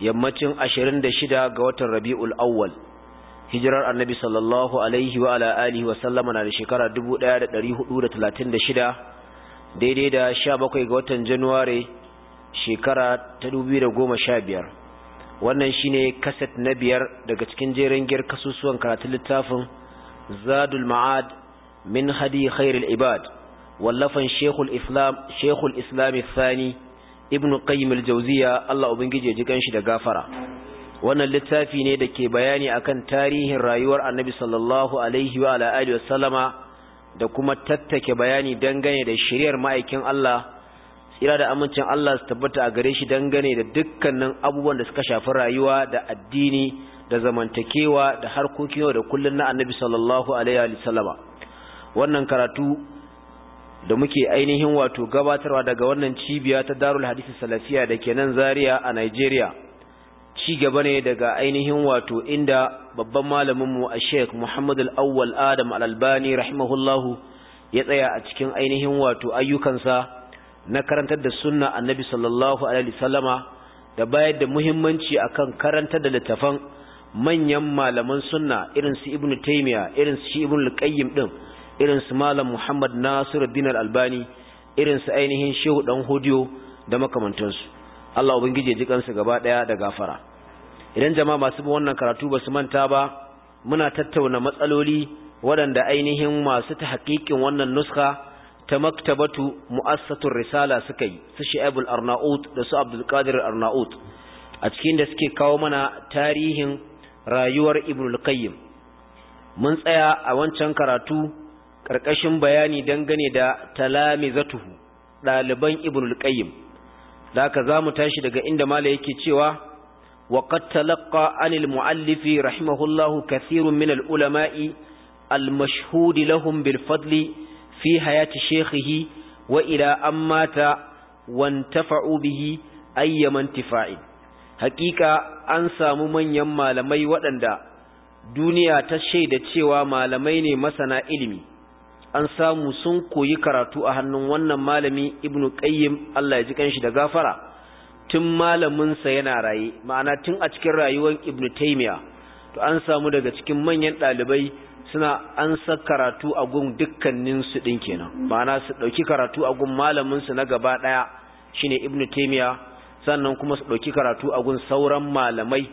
yammacin 26 ga watan Rabiul Awwal hijirar Annabi sallallahu alaihi wa ala alihi wa sallama na da shekara 1436 daidai da 17 ga watan January shekara ta 2015 wannan shine kaset na biyar daga cikin jerin gir kasusuwan karatun littafin Zadul Ma'ad min hadi khairul ibad wallafan Sheikhul Islam Sheikhul Islam Thani ibn qayyim al-jawziya Allah ubangije ji kanshi da gafara wannan littafi ne da ke bayani akan tarihin rayuwar annabi sallallahu alaihi wa ala alihi wasallama da kuma tattake bayani dangane da shiriyar ma'aikin Allah tsira da amincin Allah su tabbata a gare shi dangane da dukkanin abubuwan da suka shafi rayuwa da addini da zamantakewa da harkokin yau da kullun na annabi sallallahu alaihi wa sallama wannan karatu da muke ainihin wato gabatarwa daga wannan cibiya ta darul hadisi salafiya da ke nan Zariya a nigeria ci gaba ne daga ainihin wato inda babban malaminmu a sheik Muhammadu al'awwal adam al'albani rahimahullahu ya tsaya a cikin ainihin wato ayyukansa na karantar da sunna annabi sallallahu alaihi da bayar da muhimmanci akan karantar da littafan manyan malaman sunna irin su ibnu taymiya irin su ibnu al irin su malam Muhammad Nasiruddin Al-Albani irin su ainihin Shehu Dan Hodiyo da makamantansu Allah ubangije ji kansu gaba daya da gafara idan jama'a masu bin wannan karatu ba su manta ba muna tattauna matsaloli waɗanda ainihin masu ta haƙiƙin wannan nuska ta maktabatu mu'assatun risala suka yi su Shu'aibul Arnaut da su Abdul Qadir Arnaut a cikin da suke kawo mana tarihin rayuwar Ibn qayyim mun tsaya a wancan karatu ƙarƙashin bayani dangane da talamizatuhu ɗaliban ibnul qayyim da haka za mu tashi daga inda mala yake cewa wa qad talaqqa anil muallifi rahimahullahu kathirun min al ulama'i al mashhud lahum bil fadli fi hayati shaykhihi wa ila ammata wantafa'u bihi ayyaman tifa'in hakika an samu manyan malamai waɗanda duniya ta shaida cewa malamai ne masana ilimi an samu sun koyi karatu a hannun wannan malami ibnu qayyim Allah ya ji kanshi da gafara tun malaminsa yana raye ma'ana tun a cikin rayuwar ibnu taymiya to an samu daga cikin manyan ɗalibai suna an sa karatu a gun dukkanin su ɗin kenan ma'ana su ɗauki karatu a gun malaminsu na gaba ɗaya shine ibnu taymiya sannan kuma su ɗauki karatu a gun sauran malamai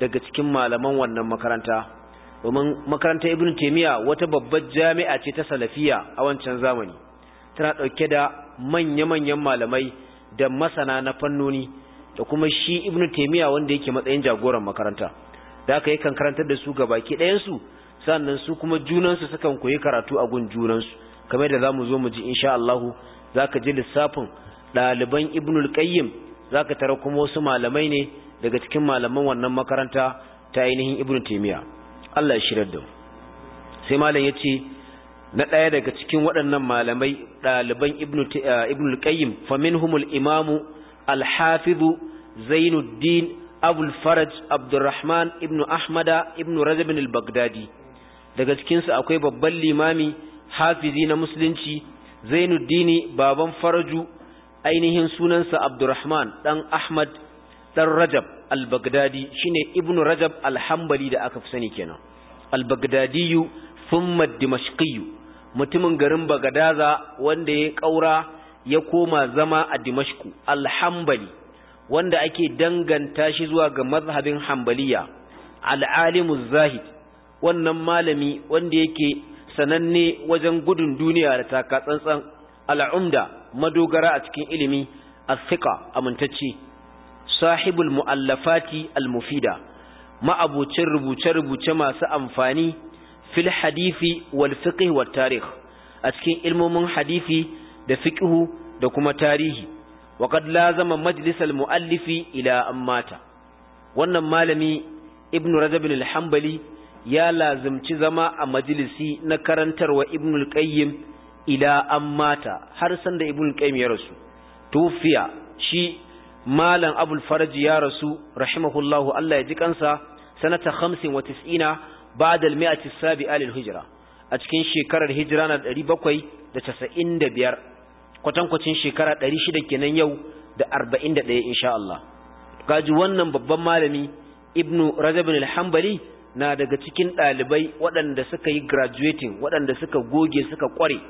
daga cikin malaman wannan makaranta domin makarantar ibn taimiyya wata babbar jami'a ce ta salafiya a wancan zamani tana ɗauke da manya-manyan malamai da masana na fannoni da kuma shi ibn taimiyya wanda yake matsayin jagoran makaranta da aka yi karantar da su ga baki ɗayansu sannan su kuma junansu sukan koyi karatu a gun junansu kamar da za mu zo mu ji insha Allahu za ka ji lissafin ɗaliban ibn qayyim za ka tara kuma wasu malamai ne daga cikin malaman wannan makaranta ta ainihin ibn taimiyya Allah ya shirar da mu sai malam ya ce na ɗaya daga cikin waɗannan malamai ɗaliban ibn eh, al-qayyim fa minhumul imamu al-hafiz zainuddin abul faraj abdurrahman ibn ahmada ibn rajab al-baghdadi daga cikin su akwai babban limami hafizi na musulunci zainuddin baban faraju ainihin sunansa abdurrahman dan ahmad dan rajab al-baghdadi shine ibn rajab al-hanbali da aka fi sani kenan al-baghdadiyu thumma dimashqiyu mutumin garin bagadaza wanda ya kaura ya koma zama a dimashku Alhambali wanda ake danganta shi zuwa ga mazhabin hanbaliya al zahid wannan malami wanda yake sananne wajen gudun duniya da taka tsantsan al'umda madogara a cikin ilimi as-siqa amintacce sahibul muallafati al-mufida ma'abocin rubuce-rubuce masu amfani fil hadifi wal fiqh wat tarih a cikin ilmomin hadifi da fiqhu da kuma tarihi wa qad lazama majlisal muallifi ila ammata wannan malami ibnu rajab al-hanbali ya lazimci zama a majalisi na karantarwa Ibn al-qayyim ila ammata har sanda Ibn al-qayyim ya rasu tufiya shi malam abul faraji ya rasu rahimahullahu Allah ya ji kansa sanata 95 ba'da al-mi'ati as-sabi'a lil-hijra a cikin shekarar hijira na 795 kwatankwacin shekara 600 kenan yau da 41 insha Allah gaji wannan babban malami ibnu rajab al-hanbali na daga cikin dalibai waɗanda suka yi graduating waɗanda suka goge suka kware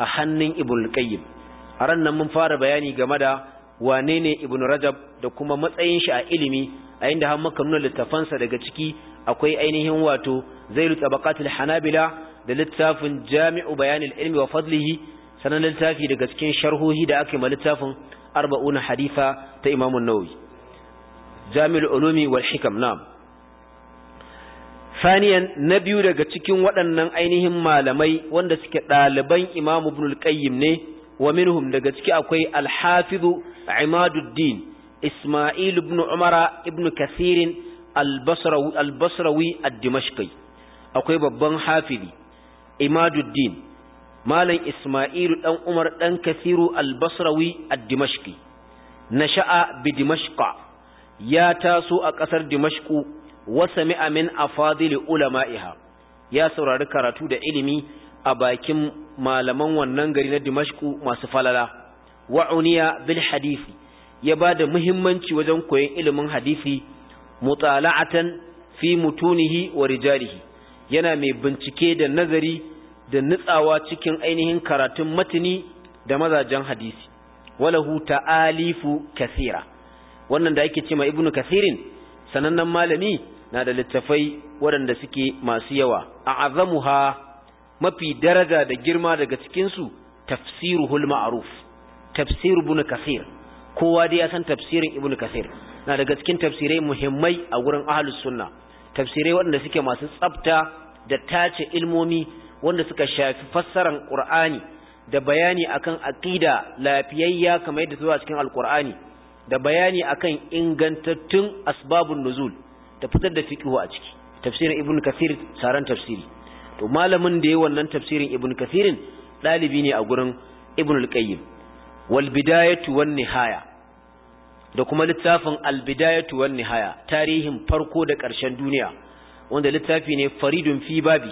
a hannun ibnu qayyim a ran nan mun fara bayani game da wane ne ibn rajab da kuma matsayin shi a ilimi a inda har maka nuna littafansa daga ciki akwai ainihin wato zailu tabaqatul hanabila da littafin jami'u bayanil ilmi wa fadlihi sanan littafi daga cikin sharhohi da aka yi ma littafin arba'una hadifa ta imamu nawawi jami'ul ulumi wal hikam na'am Saniya na biyu daga cikin waɗannan ainihin malamai wanda suke ɗaliban Imam Ibn al-Qayyim ne wa minhum daga ciki akwai alhafizu imaduddin isma'il ibn umara ibn kasirin albasrawi ad akwai babban hafizi imaduddin malam Isma'ilu dan umar dan kasiru albasrawi ad-dimashqi nasha'a bi dimashqa ya taso a kasar dimashqu wa sami'a min afadil ulama'iha ya saurari karatu da ilimi a bakin malaman wannan gari na dimashku masu falala wa'uniya bil hadisi ya ba da muhimmanci wajen koyon ilimin hadisi mutala'atan fi mutunihi wa rijalihi yana mai bincike da nazari da nutsawa cikin ainihin karatun matini da mazajen hadisi walahu ta'alifu kasira wannan da ake ce ma ibnu kasirin sanannen malami na da littafai waɗanda suke masu yawa a azamuha mafi daraja da girma daga cikinsu tafsiruhul ma'ruf tafsir ibn kasir kowa dai ya san tafsirin ibn kasir na daga cikin tafsirai muhimmai a gurin ahlus sunna tafsirai waɗanda suke masu tsafta da tace ilmomi wanda suka shafi fassaran qur'ani da bayani akan aqida lafiyayya kamar yadda zuwa cikin alqur'ani da bayani akan ingantattun asbabun nuzul da fitar da fiqhu a ciki tafsirin ibn kasir saran tafsiri to malamin da ya wannan tafsirin ibn kathirin ɗalibi ne a gurin ibn al-qayyim wal bidayatu wan nihaya da kuma littafin al bidayatu wan nihaya tarihin farko da ƙarshen duniya wanda littafi ne faridun fi babi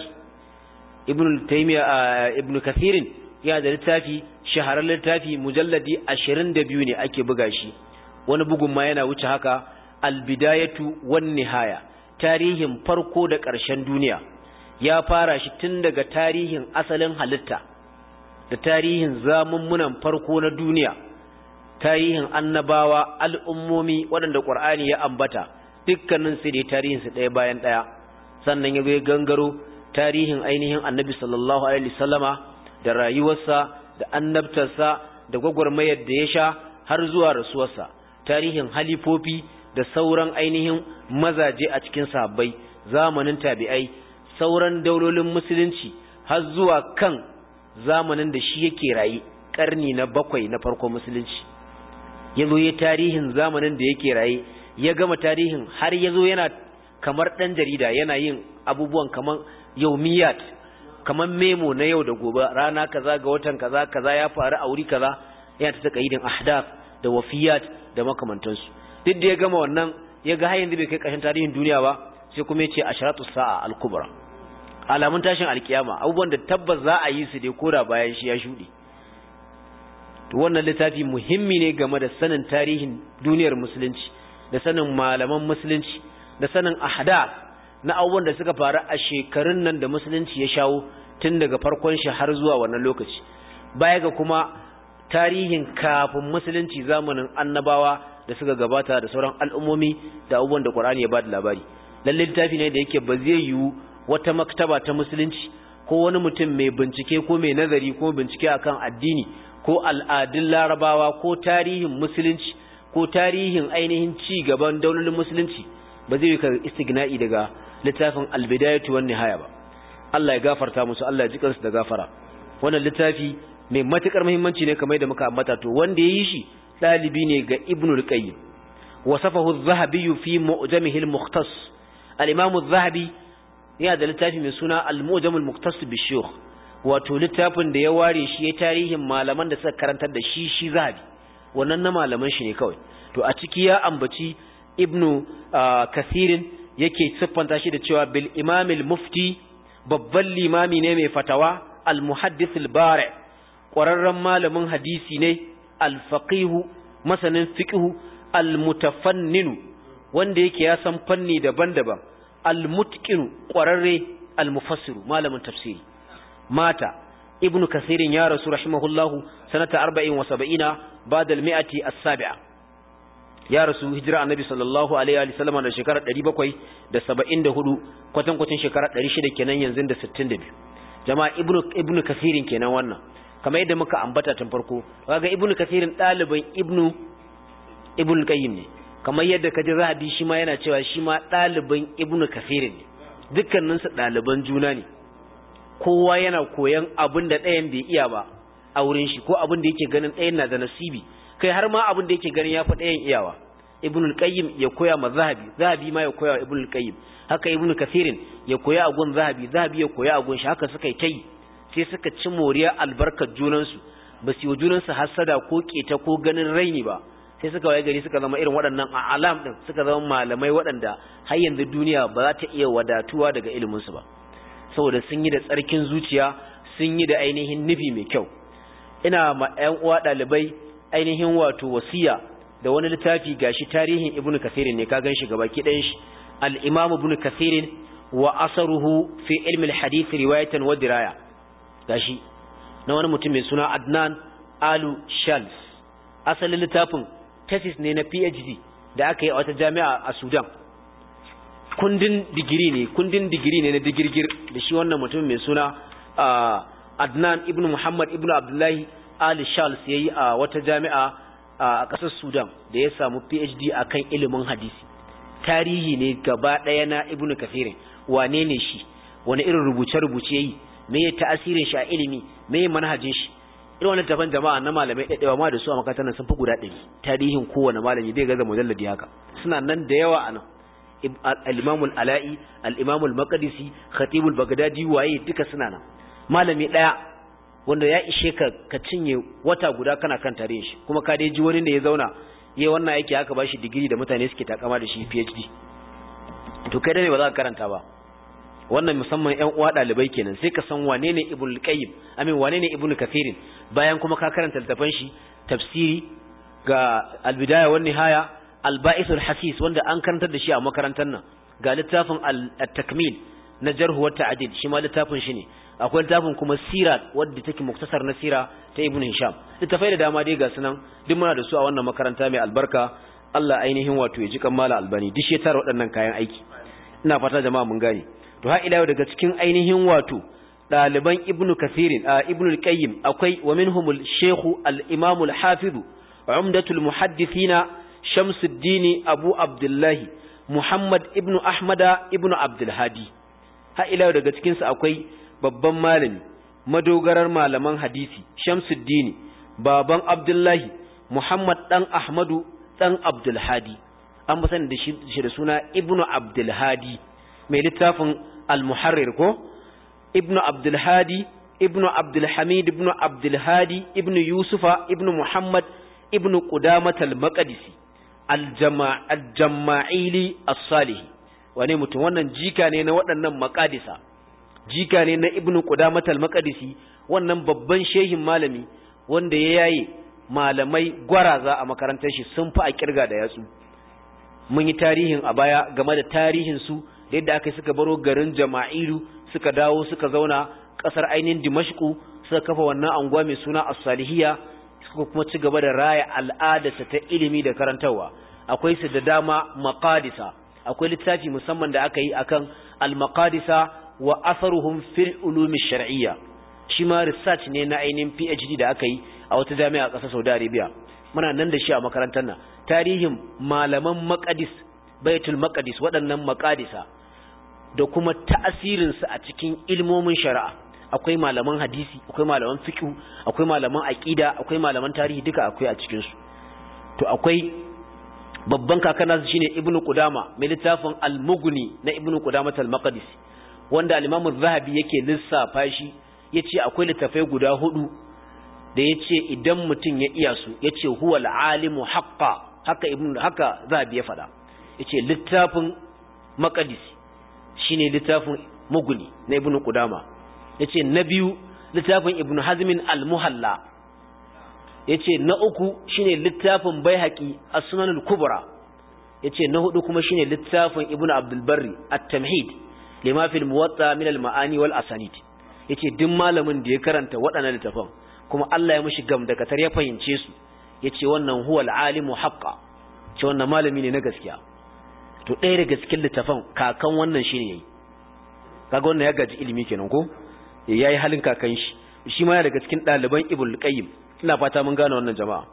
ibn taymiya ibn kathirin ya da littafi shaharar littafi mujalladi 22 ne ake buga shi wani bugun ma yana wuce haka al bidayatu wan nihaya tarihin farko da ƙarshen duniya ya fara shi tun daga tarihin asalin halitta da tarihin zamummunan farko na duniya tarihin annabawa al'ummomi waɗanda ƙwar'ani ya ambata dukkanin su ne tarihinsu ɗaya bayan ɗaya sannan ya zo gangaro tarihin ainihin annabi sallallahu alaihi sallama da rayuwarsa da annabtarsa da gwagwarmayar da ya sha har zuwa rasuwarsa tarihin halifofi da sauran ainihin mazaje a cikin sabbai, zamanin tabi'ai sauran daulolin musulunci har zuwa kan zamanin da shi yake raye karni na bakwai na farko musulunci ya zo ya tarihin zamanin da yake raye ya gama tarihin har ya zo yana kamar ɗan jarida yana yin abubuwan kamar yaumiyat kamar memo na yau da gobe rana kaza ga watan kaza kaza ya faru a wuri kaza yana ta takaidin ahdaf da wafiyat da makamantansu duk da ya gama wannan ya ga har yanzu bai kai ƙarshen tarihin duniya ba sai kuma ya ce asharatu sa'a al-kubra alamun tashin alkiyama abubuwan da tabbas za a yi su dai koda bayan shi ya shuɗe to wannan littafi muhimmi ne game da sanin tarihin duniyar musulunci da sanin malaman musulunci da sanin ahada na abubuwan da suka faru a shekarun nan da musulunci ya shawo tun daga farkon shi har zuwa wannan lokaci baya ga kuma tarihin kafin musulunci zamanin annabawa da suka gabata da sauran al'ummomi da abubuwan da Qur'ani ya ba da labari lallai littafi ne da yake ba zai yiwu wata maktaba ta musulunci ko wani mutum mai bincike ko mai nazari ko bincike akan addini ko al'adun larabawa ko tarihin musulunci ko tarihin ainihin ci gaban daunin musulunci ba zai yi ka istigna'i daga littafin albidayatu wan nihaya ba Allah ya gafarta musu Allah ya jikansu da gafara wannan littafi mai matukar muhimmanci ne kamar da muka ambata to wanda yayi shi dalibi ne ga Ibn al-Qayyim wasafahu adh-Dhahabi fi mu'jamihi al-Mukhtas al-Imam adh-Dhahabi yana da littafi mai suna al-mujamul muktasib bishiyukh wato littafin da ya ware shi ya tarihin malaman da suka karantar da shi shi zabi wannan na malaman shi ne kawai to a ciki ya ambaci ibnu kasirin yake siffanta shi da cewa bil imamil mufti babban limami ne mai fatawa al muhaddis al bari ƙwararren malamin hadisi ne al fakihu masanin fiqhu al mutafanninu wanda yake ya san fanni daban-daban Almutkinu mutqinu qararre al malamin tafsiri mata ibnu kasirin ya rasu rahimahullahu sanata arba'in 47 ba'da al-mi'ati as-sabi'a ya rasu hijira annabi sallallahu alaihi wa sallam da ɗari bakwai da saba'in da hudu, kwatan kwatan ɗari shida kenan yanzu da sittin da 62 jama'a ibnu ibnu kasirin kenan wannan kamar yadda muka ambata tun farko kaga ibnu kasirin ɗaliban ibnu ibnu Kayyim ne kamar yadda ka kaji zahabi shi ma yana cewa shi ma ɗaliban ibnu kafir ne dukkaninsu ɗaliban juna ne kowa yana koyan abin da ɗayan bai iya ba a wurin shi ko abin da yake ganin ɗayan na da nasibi kai har ma abin da yake ganin ya fi ɗayan iyawa ibnu qayyim ya koya ma zahabi zahabi ma ya koya wa ibnu qayyim haka ibnu kafir ya koya a zahabi zahabi ya koya a gun shi haka suka yi tai sai suka ci moriya albarkar junansu ba su yi junansu hasada ko keta ko ganin raini ba sai suka waye gari suka zama irin waɗannan alam ɗin suka zama malamai waɗanda har yanzu duniya ba za ta iya wadatuwa daga ilimin su ba saboda sun yi da tsarkin zuciya sun yi da ainihin nufi mai kyau ina ma ƴan uwa ɗalibai ainihin wato wasiya da wani littafi gashi tarihin ibnu kasirin ne ka gan shi gabaki ɗayan shi al-imam ibnu kasirin wa asaruhu fi ilmi al-hadith riwayatan wa diraya gashi na wani mutum mai suna Adnan Alu Shams asalin littafin thesis ne na PhD da aka yi a wata jami'a a Sudan kundin digiri ne kundin digiri ne na digirgir da shi wannan mutum mai suna Adnan ibn Muhammad ibn Abdullahi Ali Charles yayi a wata jami'a a ƙasar Sudan da ya samu PhD akan ilimin hadisi tarihi ne gaba ɗaya na Ibn Kathir wane ne shi wani irin rubuce-rubuce yayi me ya ta'asirin shi a ilimi me manhajin shi irin wannan tafan jama'a na malamai ɗaiɗaiwa ma da su a makarantar nan sun fi guda ɗari tarihin kowane malami zai gaza mujalladi haka suna nan da yawa a nan al alai al Makarisi, al-maqdisi waye duka suna nan malami ɗaya wanda ya ishe ka ka cinye wata guda kana kan tarihin shi kuma ka dai ji wani da ya zauna ya wannan yake aka bashi digiri da mutane suke takama da shi PhD to kai da ne ba za ka karanta ba wannan musamman ƴan uwa ɗalibai kenan sai ka san wane ne ibn qayyim amin wane ne ibn kathirin bayan kuma ka karanta littafan shi tafsiri ga al-bidaya wan nihaya al hasis wanda an karantar da shi a makarantar nan ga littafin at-takmil na jarh wa ta'dil shi ma littafin shi ne akwai littafin kuma sira wadda take muktasar na sira ta ibn hisham littafai da dama dai ga sunan duk muna da su a wannan makaranta mai albarka Allah ainihin wato ya ji kammala albani dishe tar waɗannan kayan aiki ina fata jama'a mun gane to ha ila daga cikin ainihin wato ɗaliban ibnu kasirin a ibnu qayyim akwai wa minhumul shehu al-imam al-hafiz umdatul muhaddithina shamsuddin abu abdullahi muhammad ibnu ahmada ibnu abdul hadi ha ila daga cikin su akwai babban malami madogarar malaman hadisi shamsuddin baban abdullahi muhammad dan ahmadu dan abdul hadi an ba da shi da suna ibnu abdul hadi mai littafin al-muharrir ko ibnu abdul hadi ibnu abdul hamid ibnu abdul ibnu yusufa Ibn muhammad ibnu qudamah al-maqdisi al-jama'ili as salih wane mutum wannan jika ne na waɗannan maqadisa jika ne na ibnu qudamah al-maqdisi wannan babban shehin malami wanda ya yaye malamai gwaraza a makarantar shi sun fi a kirga da yatsu mun yi tarihin a baya game da tarihin su da yadda aka suka baro garin jama'ilu suka dawo suka zauna ƙasar ainihin dimashku suka kafa wannan anguwa mai suna as-salihiyya suka kuma ci gaba da raya al'adarsa ta ilimi da karantawa. akwai su da dama maqadisa akwai littafi musamman da aka yi akan al-maqadisa wa asaruhum fil ulum ash-shar'iyya shi ma research ne na ainihin PhD da aka yi a wata jami'a ƙasar Saudi Arabia muna nan da shi a makarantar nan tarihin malaman maqadis baitul maqadis waɗannan maqadisa da kuma ta'asirinsu a cikin ilmomin shari'a akwai malaman hadisi akwai malaman fiqh akwai malaman aqida akwai malaman tarihi duka akwai a cikin su to akwai babban kakana shine ibnu Kudama mai littafin al-mughni na ibnu qudama al maqdis wanda al-imam az-zahabi yake lissafa shi yace akwai littafai guda hudu da yace idan mutum ya iya su yace huwa al-alimu haqqan haka ibnu haka zahabi ya fada yace littafin maqdisi shine littafin muguni na ibnu Ya yace na biyu littafin ibnu hazmin al-muhalla yace na uku shine littafin baihaqi a sunan al-kubra yace na hudu kuma shine littafin ibnu Abdulbari barri at-tamhid lima fil min al-ma'ani wal asanid yace duk malamin da ya karanta waɗannan littafan kuma Allah ya da gamdakatar ya fahimce su yace wannan huwal alimu haqqa ce wannan malami ne na gaskiya to ɗaya daga cikin littafan kakan wannan shi ne ya yi. kaga wannan ya gaji ilimi kenan ko eh, Ya yi halin kakan shi shi ma ya daga cikin ɗaliban ibul qayyim ina fata mun gane wannan jama'a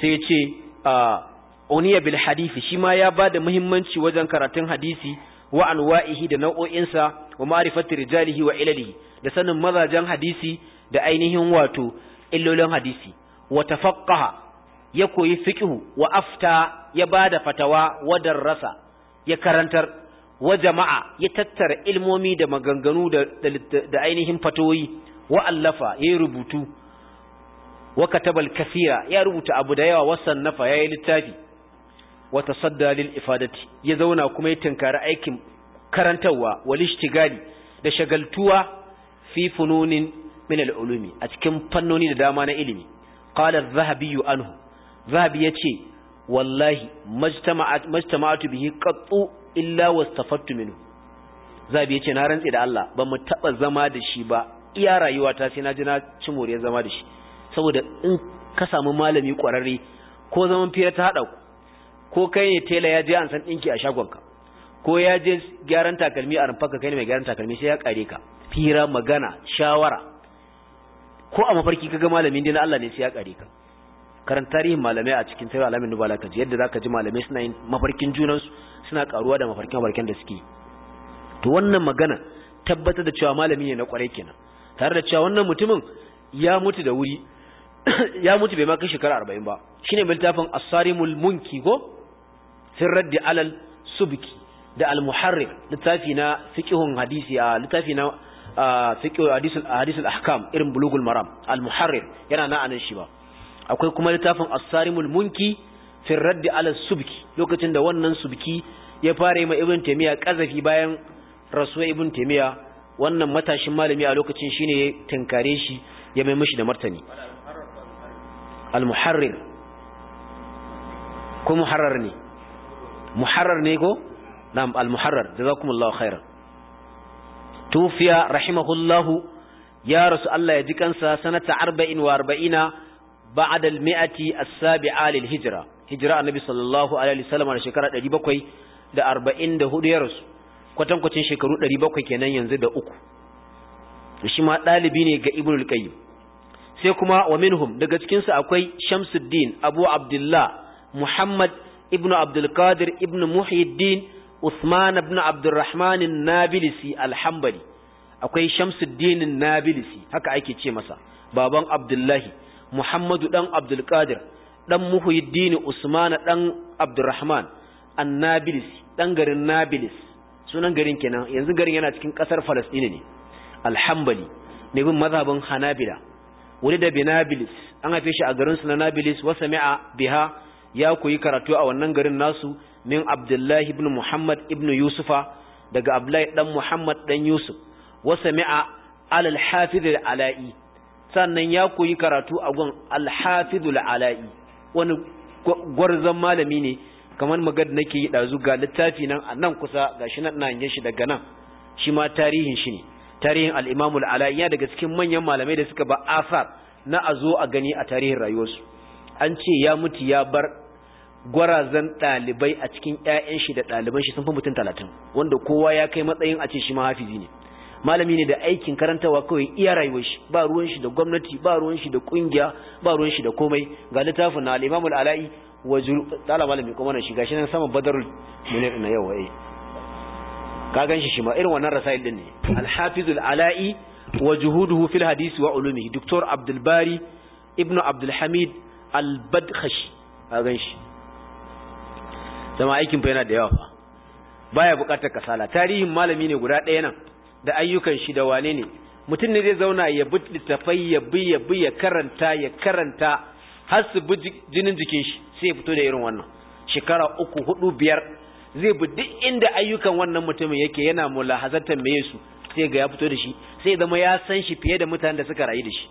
sai ya ce uniya bil hadisi shi ma ya ba da muhimmanci wajen karatun hadisi wa anwa'ihi da nau'o'insa wa ma'rifati rijalihi wa ilalihi da sanin mazajen hadisi da ainihin wato illolin hadisi wa tafaqqaha ya koyi fiqhu wa afta ya ba da fatawa wa darrasa ya karantar wa jama'a ya tattara ilmomi da maganganu da ainihin fatoyi wa allafa ya yi rubutu wa katabal kasira ya rubuta abu da yawa wasan nafa ya yi littafi Wata saddalin ifadati ya zauna kuma ya tunkari aikin karantarwa wal ishtigali da shagaltuwa fi fununin min al'ulumi a cikin fannoni da dama na ilimi qala az anhu zahabi yace wallahi majtama'at majtama'atu bihi qattu illa wastafattu minhu zabi yace na rantse da Allah ba mu taba zama da shi ba iya rayuwata sai na ji na ci moriyar zama da shi saboda in ka samu malami kwararre ko zaman fiye ta hada ku ko kai ne tela ya je an san dinki a shagonka ko ya je gyaran takalmi a rumfarka kai ne mai gyaran takalmi sai ya kare ka fira magana shawara ko a mafarki kaga malamin dai na Allah ne sai ya kare ka Karan tarihin malamai a cikin tarihi alamin nubala kaji yadda zaka ji malamai suna yin mafarkin junansu suna karuwa da mafarkin mafarkin da suke to wannan magana tabbatar da cewa malami ne na kwarai kenan tare da cewa wannan mutumin ya mutu da wuri ya mutu bai ma kai shekara 40 ba shine littafin as-sarimul munki go sirraddi alal subki da almuharrir littafi na fiqhun hadisi a littafi na fiqh hadisul ahkam irin bulugul maram al yana na anan shi ba akwai kuma littafin as-sarimul munki fi radd ala subki lokacin da wannan subki ya fara yi ma ibn taymiya kazafi bayan rasuwa ibn taymiya wannan matashin malami a lokacin shine ya tinkare shi ya mai mishi da martani al-muharrir ko muharrar ne muharrar ne ko nam al-muharrar jazakumullahu khairan tufiya rahimahullahu ya rasu Allah ya ji kansa sanata arba'in wa ba'ad da miati as-sabi'a lil hijra hijra annabi sallallahu alaihi wasallam a shekara 744 ya rasu kwatankwacin shekaru 700 kenan yanzu da uku shi ma ɗalibi ne ga ibnul qayyim sai kuma wa minhum daga cikin su akwai shamsuddin abu abdullah muhammad ibnu abdul qadir ibnu usman ibn abdurrahman an-nabilisi al-hanbali akwai shamsuddin nabilisi haka ake ce masa baban abdullahi muhammadu ɗan abdulkadir dan muhuyiddin usman dan abdurrahman Nabilis, dan garin nabilis sunan garin kenan yanzu garin yana cikin ƙasar falastini ne alhambali ne bin mazhabin hanabila wani da binabilis an haife shi a garin su na nabilis wa sami'a biha ya koyi karatu a wannan garin nasu min abdullahi ibn muhammad ibn yusufa daga abdullahi dan muhammad dan yusuf wa sami'a alal hafi da alai sannan ya koyi karatu a gun alhafizul ala'i wani gwarzon malami ne kamar magad nake yi ɗazu ga littafi nan a nan kusa ga shi nan na shi daga nan shi ma tarihin shi ne tarihin al'imamul ala'i ya daga cikin manyan malamai da suka ba asar na a zo a gani a tarihin rayuwarsu an ce ya mutu ya bar gwarazan ɗalibai a cikin 'ya'yan shi da ɗaliban shi sun fi mutum talatin wanda kowa ya kai matsayin a ce shi ma hafizi ne malami ne da aikin karantawa kawai iya rayuwar shi ba ruwan shi da gwamnati ba ruwan shi da kungiya ba ruwan shi da komai ga littafin na al imamul alai wa tsala malami kuma na shi gashi nan sama Badarul Munir na yau wai eh. ka ganshi shi ma irin wannan rasail din ne al hafizul alai wa juhuduhu fil hadisi wa ulumihi Dr. Abdul Bari Ibn Abdul Hamid al-Badkhash ka ganshi zama aikin fa yana da yawa fa baya bukatar kasala tarihin malami ne guda ɗaya nan da ayyukan shi da wane ne mutum ne zai zauna ya bi littafai ya bi ya bi ya karanta ya karanta har su bi jinin jikin shi sai ya fito da irin wannan shekara uku hudu biyar zai bi duk inda ayyukan wannan mutumin yake yana mulahazartar meye yesu sai ga ya fito da shi sai zama ya san shi fiye da mutanen da suka rayu da shi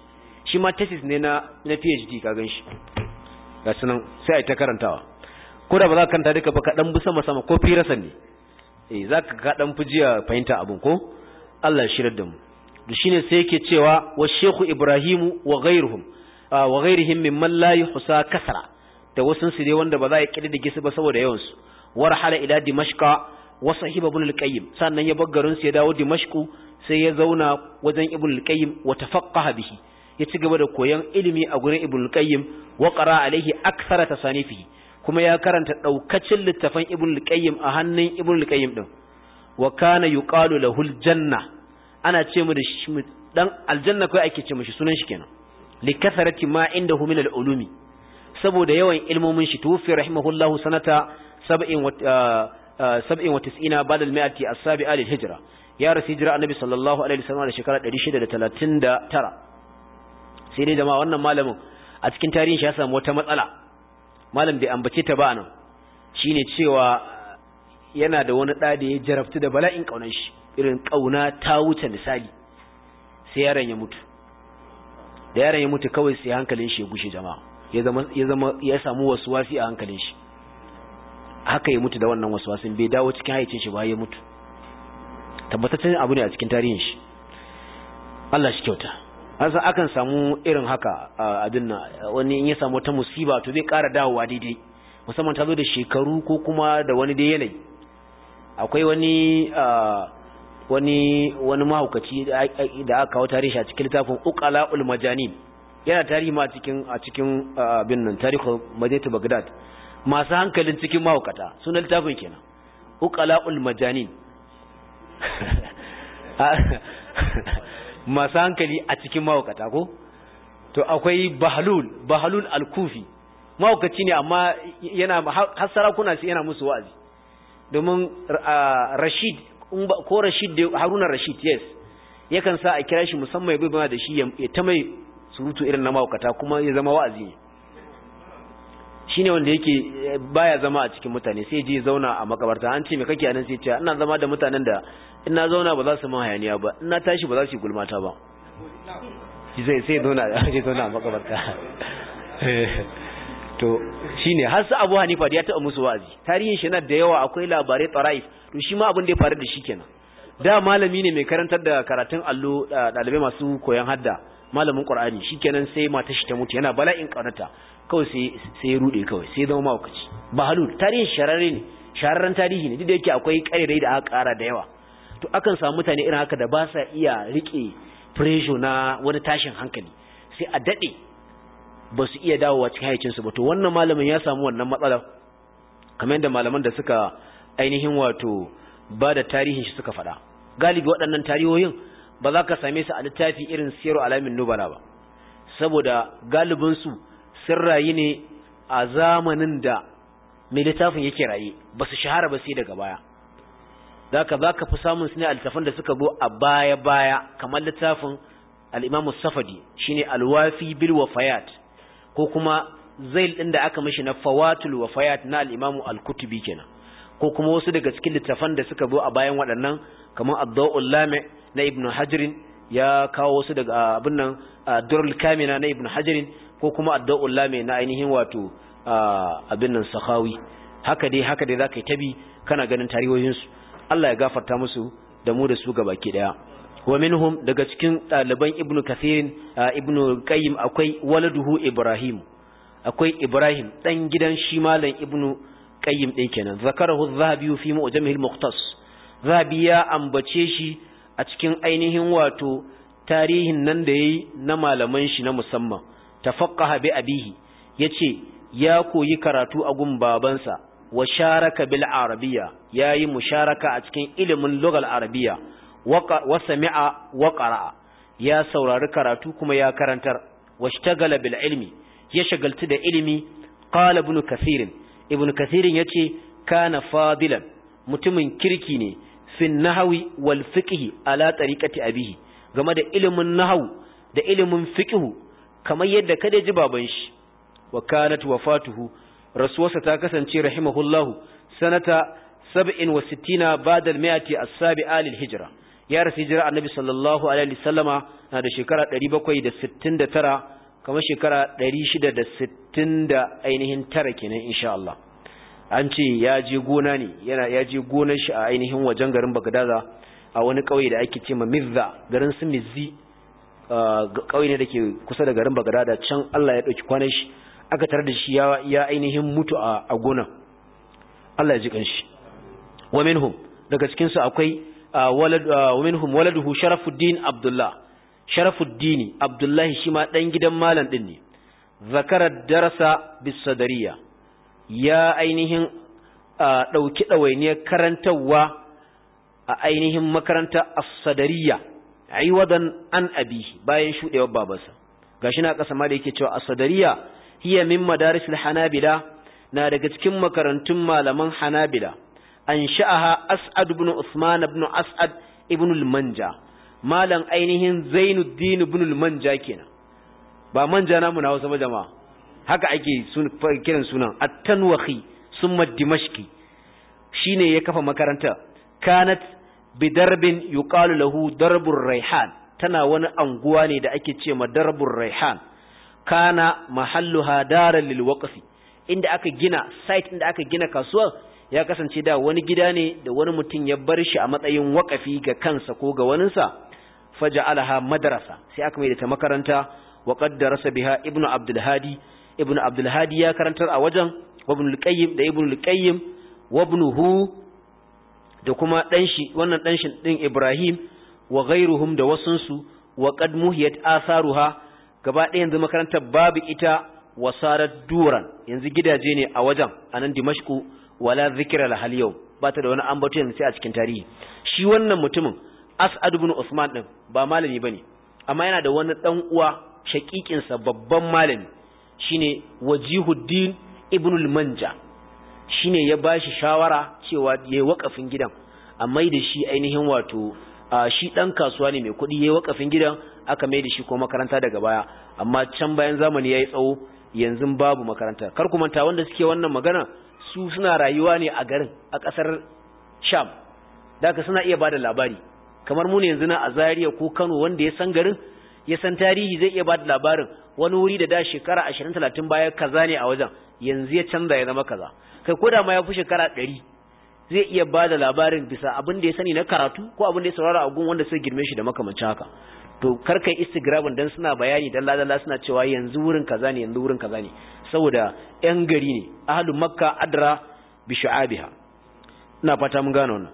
shi ma thesis ne na na PhD ka gan shi ga sunan sai a ta karantawa ko da ba za ka karanta duka ba ka dan bi sama sama ko firasan ne eh za ka dan fujiya jiya fahimta abun ko Allah ya shirar da mu da shine sai yake cewa wa shekhu Ibrahimu wa ghairuhum wa ghairihim mimman la yuhsa kasra da wasun su dai wanda ba za a da su ba saboda yawan su warhala ila dimashqa wa sahiba ibn al-qayyim sannan ya baggarin su ya dawo dimashqu sai ya zauna wajen ibn al-qayyim wa tafaqqaha bihi ya ci gaba da koyon ilimi a gurin ibn al-qayyim wa qara alaihi akthara tasanifihi kuma ya karanta daukacin littafan ibn al-qayyim a hannun ibn al-qayyim din wa kana yuqalu lahul janna ana ce mu da shi dan aljanna kai ake ce mishi sunan shi kenan li kasarati ma indahu min al-ulumi saboda yawan ilmomin shi tufi rahimahullahu sanata 97 ah, ah, ba'da al-mi'ati as-sabi'a lil hijra ya rasu hijira annabi sallallahu alaihi wasallam da shekara 639 sai dai jama'a wannan malamin a cikin tarihin shi ya samu wata matsala malam bai ambace ta ba nan shine cewa yana da wani ɗa da ya jarabtu da bala'in ƙaunar shi irin ƙauna ta wuce misali sai yaron ya mutu da yaron ya mutu kawai sai hankalin shi ya gushe jama'a ya zama ya samu wasu wasi a hankalin shi haka ya mutu da wannan wasu wasin bai dawo cikin haicin shi ba ya mutu tabbataccen abu ne a cikin tarihin shi Allah shi kyauta an san akan samu irin haka a dinna wani in ya samu wata musiba to zai ƙara dawowa daidai musamman ta zo da shekaru ko kuma da wani dai yanayi akwai wani ah, wani wani mahaukaci da aka kawo tarihi a cikin littafin ul majanin yana tarihi ma cikin a cikin ah, abin nan tarihi madinatu bagdad masu hankalin cikin mahaukata sunan littafin kenan ul majanin masu hankali a cikin mahaukata ko to akwai bahlul bahlul al-kufi mahaukaci ne amma yana hasara kuna sai yana musu wa'azi domin uh, rashid ko rashid da haruna rashid yes yakan sa a kira shi musamman ya bai da shi ya ta mai surutu irin na maukata kuma ya zama wa'azi shi ne wanda yake baya zama a cikin mutane sai je zauna a makabarta an ce me kake anan sai ce ina zama da mutanen da ina zauna ba za su man hayaniya ba ina tashi ba za su yi gulmata ba sai sai zauna a makabarta eh. to shi ne har su Abu Hanifa da ya taɓa musu wa'azi tarihin shi na da yawa akwai labarai tsaraif to shi ma abin da ya faru da shi kenan da malami ne mai karantar da karatun allo ɗalibai masu koyon hadda malamin shi shikenan sai mata shi ta mutu yana bala'in kaunata kawai sai sai ya rude kawai sai zama mawakaci bahalul tarihin shararre ne shararren tarihi ne duk da yake akwai ƙarirai da aka ƙara da yawa to akan samu mutane irin haka da ba sa iya rike pressure na wani tashin hankali sai a daɗe ba su iya dawowa cikin hayyacinsu ba to wannan malamin ya samu wannan matsala kamar yadda malaman da suka ainihin wato ba da tarihin shi suka faɗa galibi waɗannan tarihohin ba za ka same su a littafi irin siyar alamin nubala ba saboda galibinsu sun rayu ne a zamanin da mai littafin yake raye ba su shahara ba sai daga baya za ka za ka fi samun su ne a littafin da suka go a baya-baya kamar littafin al'imamu safadi shine alwafi bil wafayat ko kuma zail din da aka mishi na fawatul wafayat na al-imamu al-kutubi kenan ko kuma wasu daga cikin littafan da suka zo a bayan waɗannan kamar ad-dawul lami na ibnu hajrin ya kawo wasu daga abin nan durul kamina na ibnu hajrin ko kuma ad-dawul lami na ainihin wato abin nan sahawi haka dai haka dai zaka yi tabi kana ganin tarihohinsu Allah ya gafarta musu da mu da su gabaki daya wa daga cikin ɗaliban ibnu kathirin ibnu qayyim akwai waladuhu ibrahim akwai ibrahim dan gidan shi malam ibnu qayyim din kenan zakarahu zahabi fi mu'jamihil muqtas zahabi ya ambace shi a cikin ainihin wato tarihin nan da yayi na malaman shi na musamman tafaqqaha bi abihi yace ya koyi karatu a gun babansa wa sharaka bil arabiyya yayi musharaka a cikin ilimin lugal arabiyya wa sami'a wa qara'a ya saurari karatu kuma ya karantar washtagala bil ilmi ya shagaltu da ilimi qala ibn kathir ibn kathir yace kana fadilan mutumin kirki ne fin nahawi wal fiqhi ala tariqati abihi game da ilimin nahawu da ilimin fiqhu kamar yadda kada ji baban shi wa kanat wafatuhu rasuwarsa ta kasance rahimahullahu sanata 67 ba'da al-mi'ati as-sabi'a lil hijra ya rasu a annabi sallallahu alaihi wasallama na da shekara 769 kamar shekara 660 da ainihin tara kenan insha Allah an ce ya je gona ne yana ya je gonar shi a ainihin wajen garin Bagdada a wani kauye da ake cewa Mizza garin su Mizzi kauye ne dake kusa da garin Bagdada can Allah ya dauki kwanan shi aka tarar da shi ya ainihin mutu a gona Allah ya ji kanshi wa minhum daga cikin su akwai walad minhum waladuhu sharafuddin abdullah sharafuddin abdullahi shima ɗan gidan malam ɗin ne Zakarar darasa bisadariya ya ainihin dauki dawainiyar karantarwa a ainihin makaranta as-sadariya aiwadan an abihi bayan shudewar babansa gashi na kasa ma da yake cewa sadariya hiya min madaris al-hanabila na daga cikin makarantun malaman hanabila ansha'aha as'ad ibn usman ibn as'ad ibn malam ainihin zainuddin ibn al-manja kenan ba manja namu na wasu jama'a haka ake kiran sunan at-tanwahi summa dimashqi shine ya kafa makaranta kanat bidarbin yuqalu lahu darbur raihan tana wani anguwa ne da ake ce ma darbur raihan kana mahalluha daral lil waqfi inda aka gina site inda aka gina kasuwar ya kasance da wani gida ne da wani mutum ya bar shi a matsayin wakafi ga kansa ko ga waninsa faja'alaha madrasa sai aka mai da ta makaranta wa qaddarasa biha ibnu abdul hadi ibnu abdul hadi ya karantar a wajen ibnu al-qayyim da ibnu al-qayyim wa ibnuhu da kuma dan shi wannan dan shi din ibrahim wa ghayruhum da wasunsu wa qad muhiyat asaruha gaba ɗaya yanzu makarantar babu ita wasarar duran yanzu gidaje ne a wajen anan nan dimashku wala zikira lahal yau ba ta da wani ambato yanzu sai a cikin tarihi shi wannan mutumin as'ad ibn usman din ba malami bane amma yana da wani dan uwa shakikin sa babban malami shine wajihuddin ibn al-manja shine ya ba shi shawara cewa yayi wakafin gidan amma da shi ainihin wato shi dan kasuwa ne mai kuɗi yayi wakafin gidan aka mai da shi ko makaranta daga baya amma can bayan zamani yayi tsawo yanzu babu makaranta kar ku manta wanda suke wannan magana su suna rayuwa ne a garin a ƙasar sham da suna iya bada labari kamar mu ne yanzu na Zariya ko kano wanda ya san garin ya san tarihi zai iya ba da labarin wani wuri da da shekara ashirin talatin baya kaza ne a wajen yanzu ya canza ya zama kaza kai ko da ma ya fi shekara ɗari zai iya ba da labarin bisa abin da ya sani na karatu ko abin da ya saurara a gun wanda sai girme shi da makamancin haka to karka instagram dan suna bayani dalla dalla suna cewa yanzu wurin kaza ne yanzu wurin kaza ne saboda yan gari ne ahlu makka adra bi shu'abiha ina fata mun gano wannan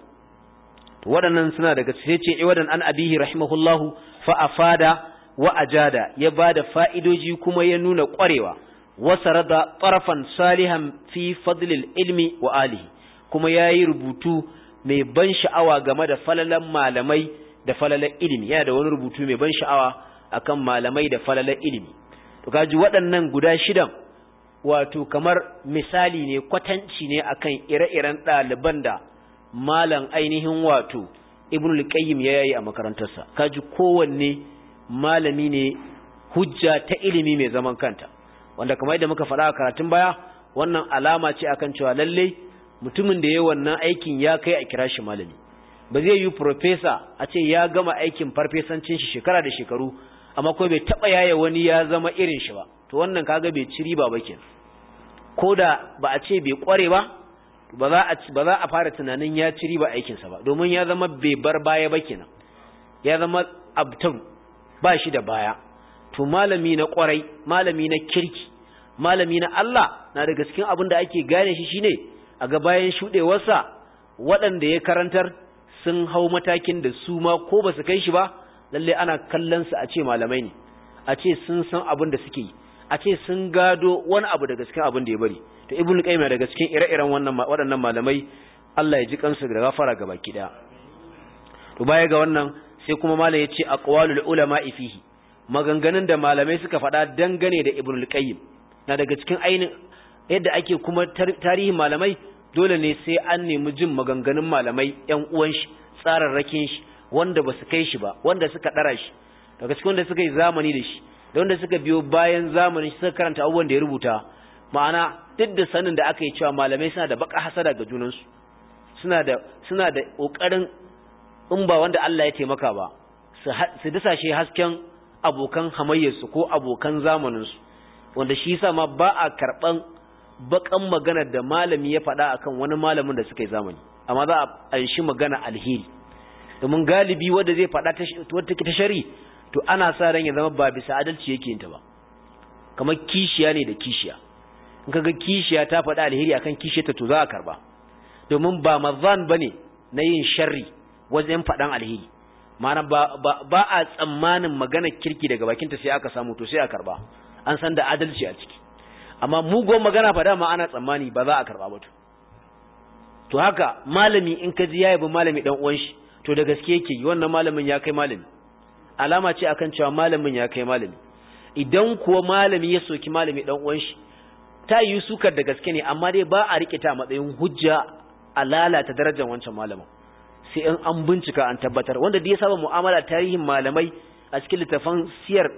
waɗannan suna daga sai ce iwadan an abihi rahimahullahu fa afada wa ajada ya bada fa'idoji kuma ya nuna ƙwarewa wasarada tarafan salihan fi fadlil ilmi wa alihi kuma yayi rubutu mai ban sha'awa game da falalan malamai da falalan ilimi yana da wani rubutu mai ban sha'awa akan malamai da falalan ilimi to kaji waɗannan guda shidan wato kamar misali ne kwatanci ne akan ire-iren ɗaliban da malam ainihin wato ibnul qayyim ya yayi a makarantarsa kaji kowanne malami ne hujja ta ilimi mai zaman kanta wanda kamar yadda muka faɗa a karatun baya wannan alama ce akan cewa lalle mutumin da ya wannan aikin ya kai a kira shi malami ba zai yi profesa a ce ya gama aikin farfesancin shi shekara da shekaru amma kuma bai taɓa yaya wani ya zama irin shi ba to wannan kaga bai ci riba ba kenan ko da ba a ce bai kware ba ba za a fara tunanin ya ci riba aikin ba domin ya zama bai bar baya ba kenan ya zama abtun ba shi da baya to malami na kwarai malami na kirki malami na Allah na daga cikin abin da ake gane shi shine a ga bayan shudewarsa waɗanda ya karantar sun hau matakin da su ma ko ba su kai shi ba Lallai ana kallon su a ce malamai ne a ce sun san abin da suke yi a ce sun gado wani abu daga cikin abin da ya bari to ibn qayyim daga cikin ire-iren wannan waɗannan malamai Allah ya ji kansu da gafara ga baki to baya ga wannan sai kuma malam ya ce aqwalul ulama fihi maganganun da malamai suka faɗa dangane da ibn qayyim na daga cikin ainin yadda ake kuma tarihin malamai dole ne sai an nemi jin maganganun malamai yan uwan shi tsararrakin shi wanda ba su kai shi ba wanda suka ɗara shi daga cikin wanda suka yi zamani da shi da wanda suka biyo bayan zamanin shi suka karanta abubuwan da ya rubuta ma'ana duk da sanin da aka yi cewa malamai suna da baka hasada ga junansu suna da suna da kokarin in ba wanda Allah ya taimaka ba su dasashe hasken abokan hamayyarsu ko abokan zamaninsu wanda shi yasa ma ba a karban bakan magana da malami ya faɗa akan wani malamin da suka yi zamani amma za a anshi magana alheri domin galibi wanda zai faɗa ta wata ta shari to ana sa ran ya zama ba bisa adalci yake yin ta ba kamar kishiya ne da kishiya in kaga kishiya ta faɗa alheri akan ta to za a karba domin ba mazan bane na yin sharri wajen faɗan alheri ma'ana ba, ba, a tsammanin magana kirki daga bakin ta sai aka samu to sai a karba an san da adalci a ciki amma mugun magana faɗa ma ana tsammani ba za a karba ba to to haka malami in ka ji ya ba malami dan uwan shi to da gaske yake wannan malamin ya kai malami alama ce akan cewa malamin ya kai malami idan kuwa malami ya soki malami dan uwan shi ta yi sukar da gaske ne amma dai ba a rike ta matsayin hujja a lalata darajar wancan malamin sai in an bincika an tabbatar wanda da ya saba mu'amala tarihin malamai a cikin littafan siyar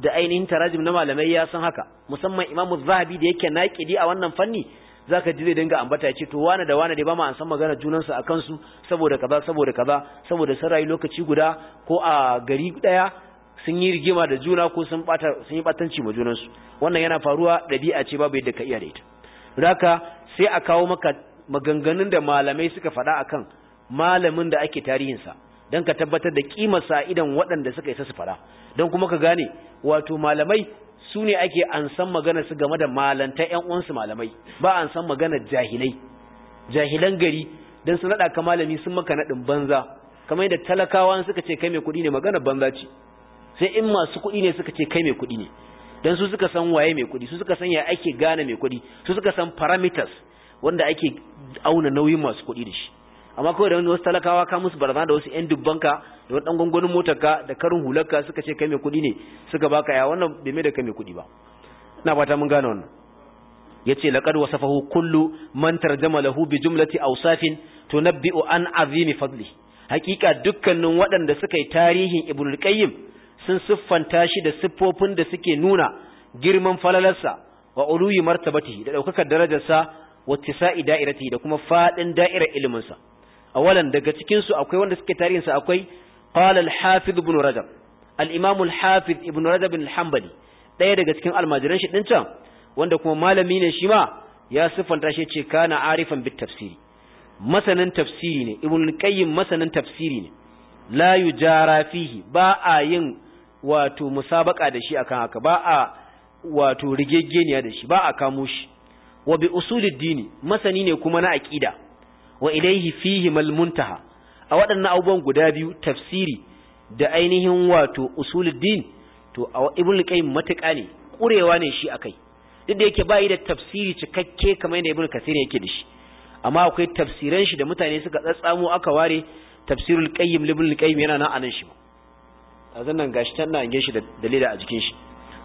da ainihin tarajim na malamai ya san haka musamman imamu zahabi da yake naƙidi a wannan fanni zaka ji zai dinga ambata yace to wani da wani dai ba mu an san magana junan su akan su saboda kaza saboda kaza saboda sun rayu lokaci guda ko a gari daya sun yi rigima da juna ko sun bata sun yi batanci ma junan su wannan yana faruwa dabi'a ce babu yadda ka iya da ita raka sai a kawo maka maganganun da malamai suka faɗa akan malamin da ake tarihinsa dan ka tabbatar da sa idan waɗanda suka isa su faɗa dan kuma ka gane wato malamai su ne ake an san magana su game da malanta yan uwansu malamai ba an san magana jahilai jahilan gari dan su nada ka malami sun maka nadin banza kamar yadda talakawa suka ce kai mai kuɗi ne magana banza ce sai in masu kuɗi ne suka ce kai mai kuɗi ne dan su suka san waye mai kuɗi su suka san ya ake gane mai kuɗi su suka san parameters wanda ake auna nauyin masu kuɗi da shi amma kawai da wani wasu talakawa ka musu barazana da wasu yan ka da wani gwangwanin motar ka da karin hular ka suka ce kai mai kuɗi ne suka baka ya wannan bai mai da kai mai kuɗi ba ina fata mun gane wannan yace laqad wasafahu kullu man tarjama lahu bi jumlati awsafin tunabbi'u an azimi fadli hakika dukkanin waɗanda suka yi tarihin ibnul qayyim sun siffanta shi da siffofin da suke nuna girman falalarsa wa uluyi martabati da daukakar darajarsa wa tisa'i da'irati da kuma fadin da'irar iliminsa awalan daga cikin su akwai wanda suke tarihin sa akwai qala al-hafiz ibn rajab al-imam al-hafiz ibn rajab al-hanbali daya daga cikin almajiran shi din can wanda kuma malami ne shi ma ya siffanta shi ce kana arifan bit tafsiri masanin tafsiri ne ibn al-qayyim masanin tafsiri ne la yujara fihi ba a yin wato musabaka da shi akan haka ba a wato rigeggeniya da shi ba a kamo shi wa bi usulid dini masani ne kuma na aqida wa ilaihi fihi mal muntaha a waɗannan abubuwan guda biyu tafsiri da ainihin wato usuluddin to a ibn qayyim matuƙa ne ƙurewa ne shi akai duk da yake bai da tafsiri cikakke kamar yadda ibn kasir yake da shi amma akwai tafsiran shi da mutane suka tsatsamo aka ware tafsirul qayyim ibn qayyim yana nan anan shi a zannan gashi tana nan shi da dalila a jikin shi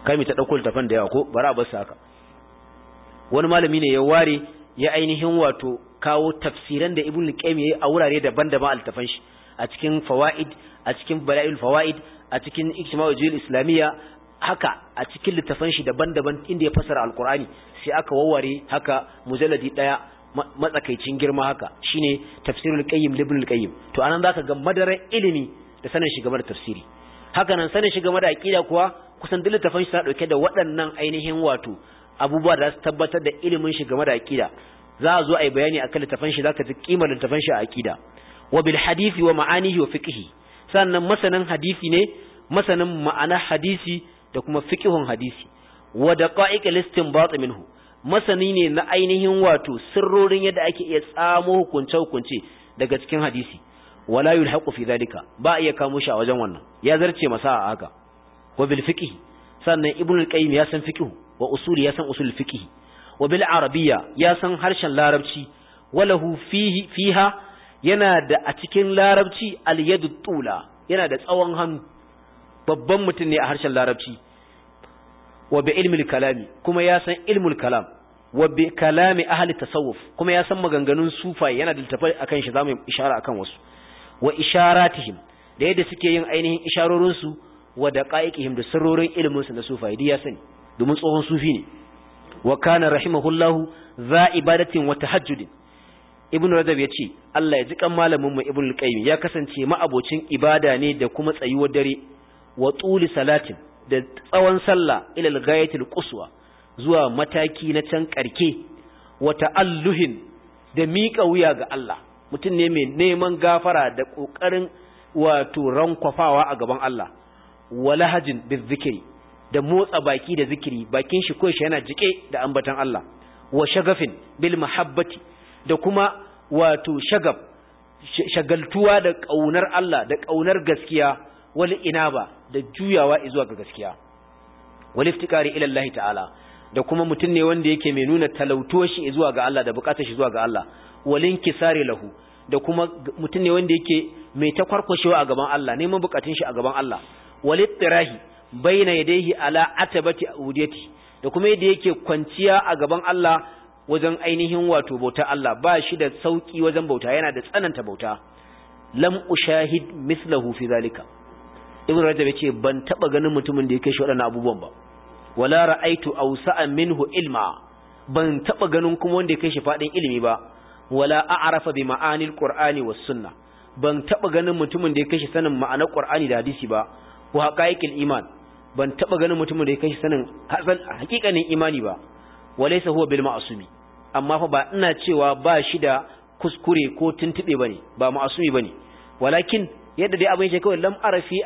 kai mi ta dauko littafin da yawa ko bara ba sa haka wani malami ne ya ware ya ainihin wato kawo tafsiran da ibn qayyim yayi a wurare daban-daban altafan shi a cikin fawaid a cikin bala'il fawaid a cikin ijma'u jil islamiyya haka a cikin littafan shi daban-daban inda ya fasara alqur'ani sai aka wawware haka mujalladi daya matsakaicin girma haka shine tafsirul qayyim ibn qayyim to anan zaka ga madarar ilimi da sanin shi game da tafsiri haka nan sanin shi game da aqida kuwa kusan duk littafan shi suna dauke da waɗannan ainihin wato abubuwa da su tabbatar da ilimin shi game da aqida za a zo a yi bayani akan littafan shi zaka ji kimar littafan shi a aqida wa bil hadisi wa ma'anihi wa fiqhi sannan masanin hadisi ne masanin ma'ana hadisi da kuma fiqhun hadisi wa daqa'iq al-istinbat minhu masani ne na ainihin wato sirrorin yadda ake iya tsamo hukunce hukunce daga cikin hadisi wala yulhaqu fi zalika ba iya kamo shi a wajen wannan ya zarce masa a haka wa bil fiqhi sannan ibnu al-qayyim ya san fiqhu wa usuli ya san usul fiqh wa bil arabiyya ya san harshen larabci walahu fihi fiha yana da a cikin larabci al yadu tula yana da tsawon hannu babban mutum ne a harshen larabci wa bi ilmi kalami kuma ya san ilmul kalam wa bi kalami ahli tasawuf kuma ya san maganganun sufaye yana da littafai akan shi zamu ishara akan wasu wa isharatihim da yadda suke yin ainihin isharorinsu wa da qa'iqihim da sirrorin ilmin su na sufaye duk ya sani domin tsohon sufi ne wa kana rahimahullahu za ibadatin wa tahajjudin ibnu rajab ce, Allah ya ji kan malamin mu ibnu qayyim ya kasance ma'abocin ibada ne da kuma tsayuwar dare wa tuli salatin da tsawon sallah ila al-ghayatil quswa zuwa mataki na can karke wa ta'alluhin da miƙa wuya ga Allah mutum ne mai neman gafara da ƙoƙarin wato rankwafawa a gaban Allah wala hajin bizikiri da motsa baki da zikiri bakin shi shi yana jike da ambatan Allah wa shagafin bil mahabbati da kuma wato shagab shagaltuwa da kaunar Allah da kaunar gaskiya wal inaba da juyawa zuwa ga gaskiya wal iftikari ila Allah ta'ala da kuma mutum ne wanda yake mai nuna talautuwar shi zuwa ga Allah da bukatar shi zuwa ga Allah walin inkisari lahu da kuma mutum ne wanda yake mai takwarkwashewa a gaban Allah neman bukatun shi a gaban Allah wal ittirahi baina yadayhi ala atabati udiyati da kuma yadda yake kwanciya a gaban Allah wajen ainihin wato bauta Allah ba shi da sauki wajen bauta yana da tsananta bauta lam ushahid mislahu fi zalika ibn rajab yace ban taba ganin mutumin da yake shi wadannan abubuwan ba wala ra'aitu awsa'a minhu ilma ban taba ganin kuma wanda yake shi fadin ilimi ba wala a'rafa bi ma'ani ƙur'ani was sunnah ban taba ganin mutumin da yake shi sanin ma'anar qur'ani da hadisi ba wa haqaiqil iman ban taba ganin mutumin da ya kai sanin hasan hakikanin imani ba walaysa huwa bil ma'sumi amma fa ba ina cewa ba shi da kuskure ko tuntube bane ba ma'sumi bane walakin yadda dai abin yake kawai lam arafi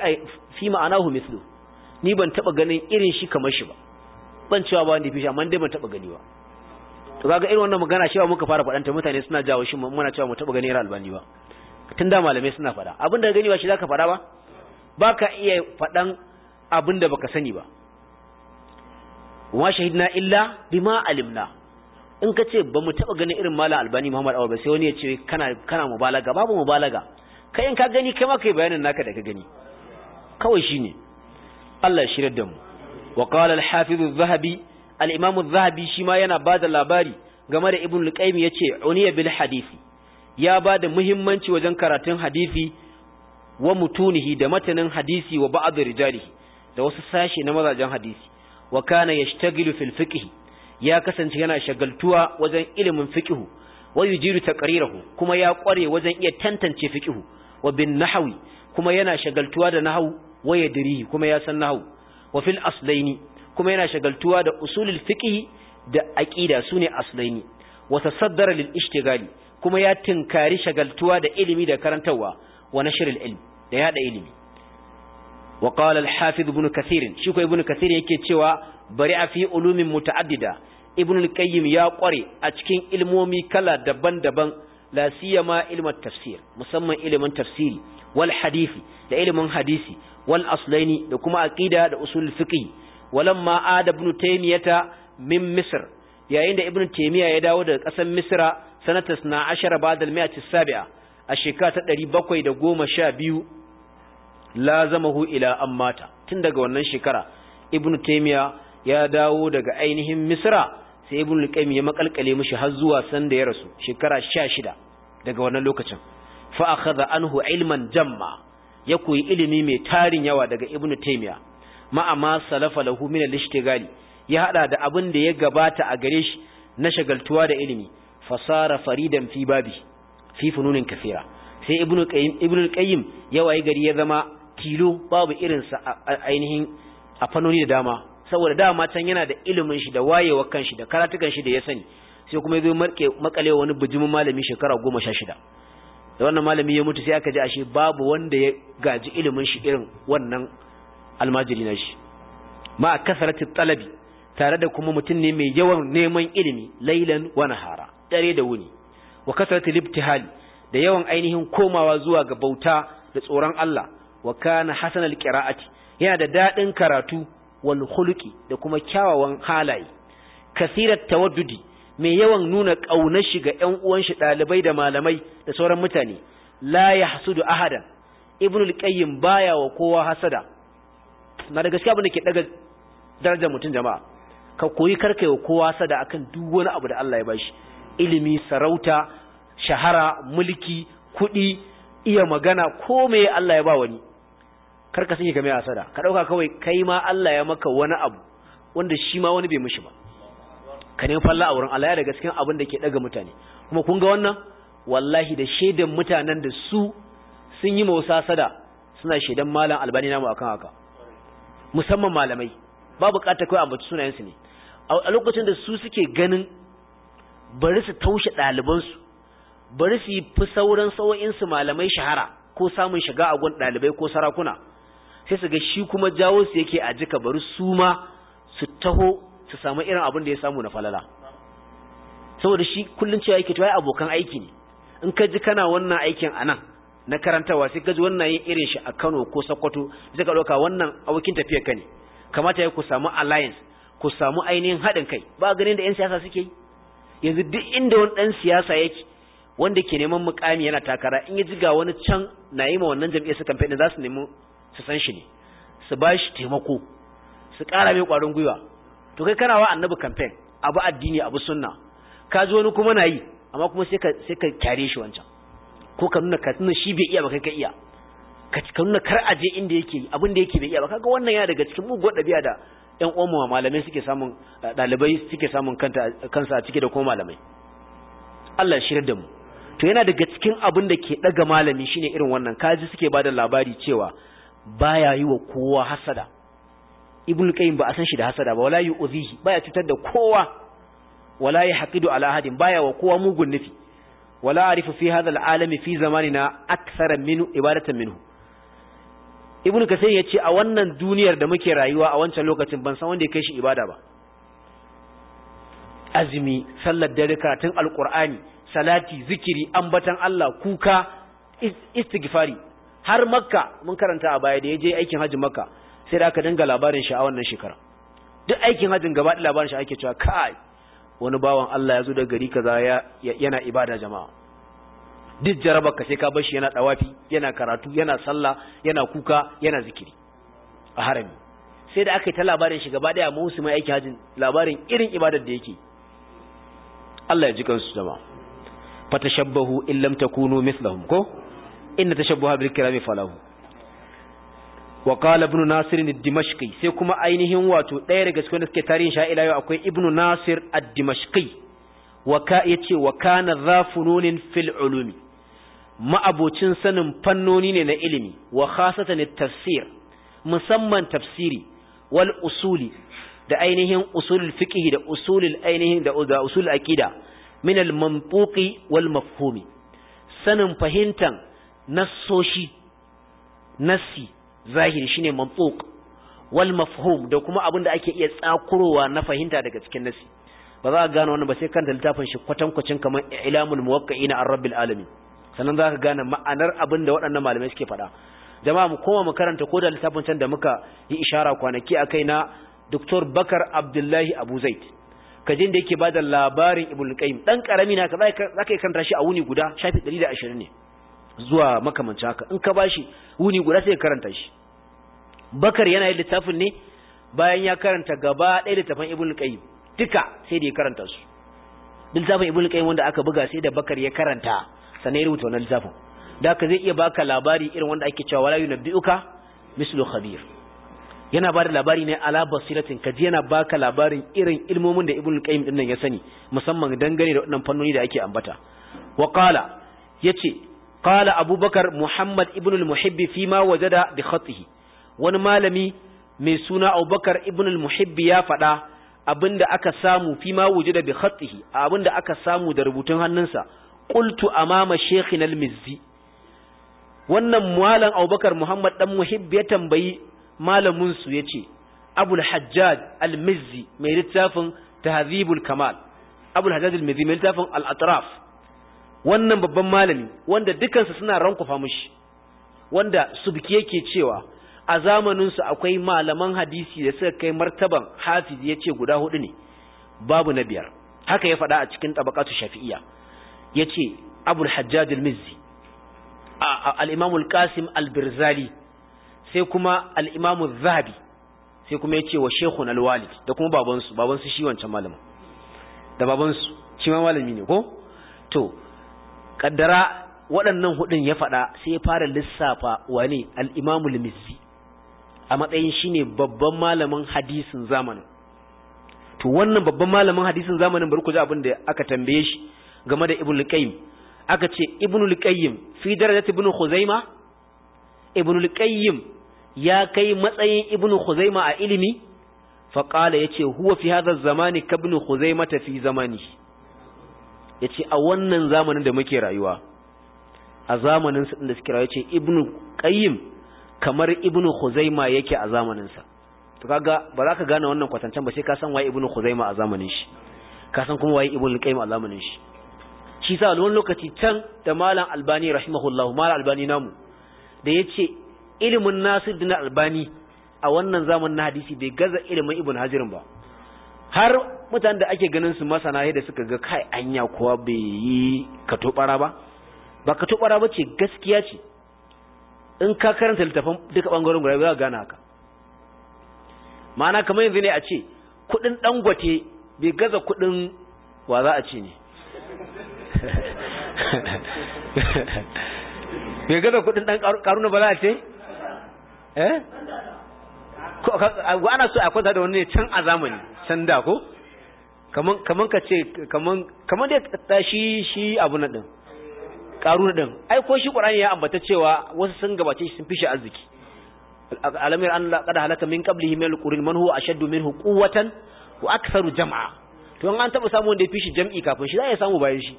fi ma'anahu mithlu ni ban taba ganin irin shi kamar shi ba ban cewa ba wanda fishi amma dai ban taba gani ba to kaga irin wannan magana ba muka fara faɗanta mutane suna jawo shi muna cewa mu taba gani irin albani ba tun da malamai suna faɗa abinda da gani ba shi zaka faɗa ba baka iya faɗan abin da baka sani ba wa shahidna illa bima alimna in ka ce ba mu taɓa ganin irin mala albani muhammad awa ba sai wani ya ce kana kana mubalaga babu mubalaga kai in ka gani kai ma kai bayanin naka da ka gani kawai shine Allah ya shirar da mu wa qala al zahabi al-imam zahabi shi ma yana bada labari game da ibn al-qayyim yace uniya bil hadisi ya da muhimmanci wajen karatun hadisi wa mutunihi da matanin hadisi wa ba'd rijalihi da wasu sashi na mazajen hadisi wa kana yashtagilu fil fiqh ya kasance yana shagaltuwa wajen ilimin fiqh wa yujiru taqrirahu kuma ya kware wajen iya tantance fiqh wa bin nahwi kuma yana shagaltuwa da nahwu wa yadrihi kuma ya san nahwu wa fil aslaini kuma yana shagaltuwa da usulul fiqh da aqida sune aslaini wa tasaddara lil ishtigali kuma ya tinkari shagaltuwa da ilimi da karantawa wa nashril ilm da yada ilimi wa qala al-hafiz ibn kathir shi ko ibn kathir yake cewa bari a fi ulumin muta'addida ibn al-qayyim ya kware a cikin ilmomi kala daban-daban la siyama ilmin tafsir musamman ilimin tafsiri wal hadisi da ilimin hadisi wal aslaini da kuma aqida da usul fiqh walamma ada ibn taymiyata min misr yayin da ibn taymiya ya dawo daga ƙasar misra sanatas na ashara ba'da al-mi'ati as-sabi'a a shekara ta 712 lazamahu ila an mata tun daga wannan shekara Ibn taymiya ya dawo daga ainihin misra sai ibnu qayyim ya makalkale mishi har zuwa san da ya rasu shekara 16 daga wannan lokacin fa akhadha anhu ilman jamma ya koyi ilimi mai tarin yawa daga ibnu taymiya ma'a ma salafa lahu min al ya hada da abin da ya gabata a gare shi na shagaltuwa da ilimi fasara faridan fi babi fi fununin kafira sai ibnu qayyim ibnu qayyim ya wayi gari ya zama tilo babu irinsa a ainihin a fannoni da dama saboda dama can yana da ilimin shi da wayewa kan shi da karatukan shi da ya sani sai kuma zai marke makale wani bijimin malami shekara goma sha shida da wannan malami ya mutu sai aka ji ashe babu wanda ya gaji ilimin shi irin wannan almajiri na shi ma kasaratu talabi tare da kuma mutum ne mai yawan neman ilimi lailan wa nahara dare da wuni wa kasaratu libtihali da yawan ainihin komawa zuwa ga bauta da tsoron Allah wa kana hasan alqira'ati yana da dadin karatu wal khuluqi da kuma kyawawan halaye kasirat tawaddudi mai yawan nuna kaunar shi ga ƴan uwan shi dalibai da malamai da sauran mutane la yahsudu ahadan ibnul qayyim baya wa kowa hasada na da gaskiya abin da ke daga darajar mutum jama'a ka koyi karkai wa kowa hasada akan duk wani abu da Allah ya bashi ilimi sarauta shahara mulki kudi, iya magana ko me Allah ya ba wani kar ka sanya game sada, ka ɗauka kawai kai ma Allah ya maka wani abu wanda shi ma wani bai mishi ba ka nemi falla a wurin Allah ya daga cikin abin da ke daga mutane kuma kun ga wannan wallahi da shaidan mutanen da su sun yi mausa sada suna shaidan malam albani namu akan haka musamman malamai ba bukatar kawai ambaci sunayensu ne a lokacin da su suke ganin bari su taushe ɗalibansu bari su yi fi sauran sau'insu malamai shahara ko samun shiga a gun ɗalibai ko sarakuna sai su ga shi kuma jawo su yake a jika bari su ma su taho su samu irin abin da ya samu na falala saboda shi kullun cewa yake to abokan aiki ne in ka ji kana wannan aikin anan na karantawa sai ka ji wannan yin irin shi a Kano ko Sokoto sai ka dauka wannan abokin tafiyar ka ne kamata ya ku samu alliance ku samu ainihin haɗin kai ba ganin da 'yan siyasa suke yi yanzu duk inda wani ɗan siyasa yake wanda ke neman mukami yana takara in ya ji ga wani can na yi ma wannan jam'iyyar su kamfe za su nemi su san shi ne su ba shi taimako su ƙara mai ƙwarin gwiwa to kai kana wa annabi campaign abu addini abu sunna ka ji wani kuma na yi amma kuma sai ka sai ka kyare shi wancan ko ka nuna ka nuna shi bai iya ba kai ka iya ka ka nuna kar a je inda yake abin da yake bai iya ba kaga wannan yana daga cikin mugun ɗabi'a da ƴan uwan malamai suke samun ɗalibai suke samun kanta kansa a cike da kuma malamai Allah shirya da mu to yana daga cikin abin da ke daga malami shine irin wannan kaji suke bada labari cewa baya yi wa kowa hasada ibn qayyim ba a san shi da hasada ba wala yu'zihi baya cutar da kowa wala yahqidu ala ahadin baya wa kowa mugun nufi wala arifu fi hadha alami fi zamanina akthara min ibadatan minhu ibn kasir yace a wannan duniyar da muke rayuwa a wancan lokacin ban san wanda ya kai shi ibada ba azumi sallar dare karatun alqur'ani salati zikiri ambatan Allah kuka istighfari har makka mun karanta a baya da ya je aikin hajji makka sai da aka dinga labarin shi a wannan shekara duk aikin hajjin gaba da labarin shi ake cewa kai wani bawan Allah ya zo da gari kaza yana ibada jama'a duk jarabarka sai ka bar shi yana dawafi yana karatu yana sallah yana kuka yana zikiri a harami sai da aka yi ta labarin shi gaba daya musu mai aiki hajjin labarin irin ibadar da yake Allah ya ji kansu jama'a fatashabbahu in takunu mithlahum ko inna tashabbuha bil kirami falahu wa qala ibn nasir ad-dimashqi sai kuma ainihin wato ɗaya daga cikin da suke tarihin sha'ila akwai ibn nasir ad-dimashqi wa ka yace wa kana dhafununin fil ma'abocin sanin fannoni ne na ilimi wa khasatan at-tafsir musamman tafsiri wal usuli da ainihin usulul fiqh da usulul ainihin da usulul aqida min al wal mafhumi sanin fahimtan nassoshi nassi zahiri shine mantuq wal mafhum da kuma abin da ake iya tsakurowa na fahimta daga cikin nassi ba za ka gane wannan ba sai kanta littafin shi kwatankwacin kamar ilamul muwaqqi'ina na rabbil alamin sannan za ka gane ma'anar abin da waɗannan malamai suke faɗa jama'a mu koma mu karanta ko da littafin can da muka yi ishara kwanaki akai na Dr. Bakar Abdullahi Abu Zaid kajin da yake bada labarin Ibn Qayyim dan karami na ka za kanta shi a wuni guda shafi 120 ne zuwa makamancin haka in ka bashi wuni guda sai karanta shi bakar yana yin littafin ne bayan ya karanta gaba ɗaya littafin ibn qayyim duka sai da ya karanta su littafin ibn qayyim wanda aka buga sai da bakar ya karanta sanai ya rubuta wannan littafin da haka zai iya baka labari irin wanda ake cewa wala yunabbi'uka mislu khabir yana bada labari ne ala basiratin kaji yana baka labarin irin ilmomin da ibn qayyim din nan ya sani musamman dangane da wannan fannoni da ake ambata wa qala yace qala abubakar muhammad ibn al wani malami mai suna abubakar ibn al-muhibbi ya faɗa abinda aka samu fima wajada bi khatihi abinda aka samu da rubutun hannunsa qultu amama shaykhina al-mizzi wannan malam abubakar muhammad ɗan muhibbi ya tambayi malamin ya ce Abulhajjaj hajjaj al-mizzi mai littafin tahzibul kamal abul al-mizzi mai littafin al wannan babban malami wanda dukansu suna rankufa mushi wanda subki yake cewa a zamaninsu akwai malaman hadisi da suka kai martaban hafiz ya ce guda hudu ne babu na biyar haka ya faɗa a cikin tabakatu shafi'iya ya ce abul hajjaj al-mizzi al-imam al birzali sai kuma al zahabi sai kuma ya ce wa shekun al-walid da kuma babansu babansu shi wancan malamin da babansu shi ma malami ne ko to kaddara waɗannan hudun ya faɗa sai ya fara lissafa wane al-imamu a matsayin shine babban malamin hadisin zamanin to wannan babban malamin hadisin zamanin bari ku ji abin da aka tambaye shi game da Ibn qayyim aka ce ibnu qayyim fi darajat ibnu khuzaima ibnu qayyim ya kai matsayin Ibn khuzaima a ilimi fa qala yace huwa fi hadha zamani ka ibnu fi zamani yace a wannan zamanin da muke rayuwa a zamanin sa da suke rayuwa yace ibnu qayyim kamar ibnu khuzaima yake a zamanin sa to kaga ba za ka gane wannan kwatancen ba sai ka san waye ibnu khuzaima a zamanin shi ka san kuma waye ibnu qayyim a zamanin shi shi sa wani lokaci can da malam albani rahimahullahu malam albani namu da yace ilimin nasir dinar albani a wannan zamanin hadisi bai gaza ilimin ibnu hajirin ba har mutanen da ake ganin su masana yadda suka ga kai anya kuwa bai yi katobara ba ba katobara ba ce gaskiya ce in ka karanta littafin duka bangaren guda za ka haka ma'ana kamar yanzu ne a ce kudin dangote bai gaza kudin wa za a ce ne bai gaza kudin dan karuna ba za a ce eh ana so a kwanta da wani can a zamani can da ko kaman kaman ka ce kaman kaman da shi shi abu na din karu din ai ko shi qur'ani ya ambata cewa wasu sun gabace sun fishi arziki alamir an qad halaka min qablihi min alqurin man huwa ashaddu minhu quwwatan wa aktharu jam'a to an taba samu wanda ya fishi jam'i kafin shi za samu bayan shi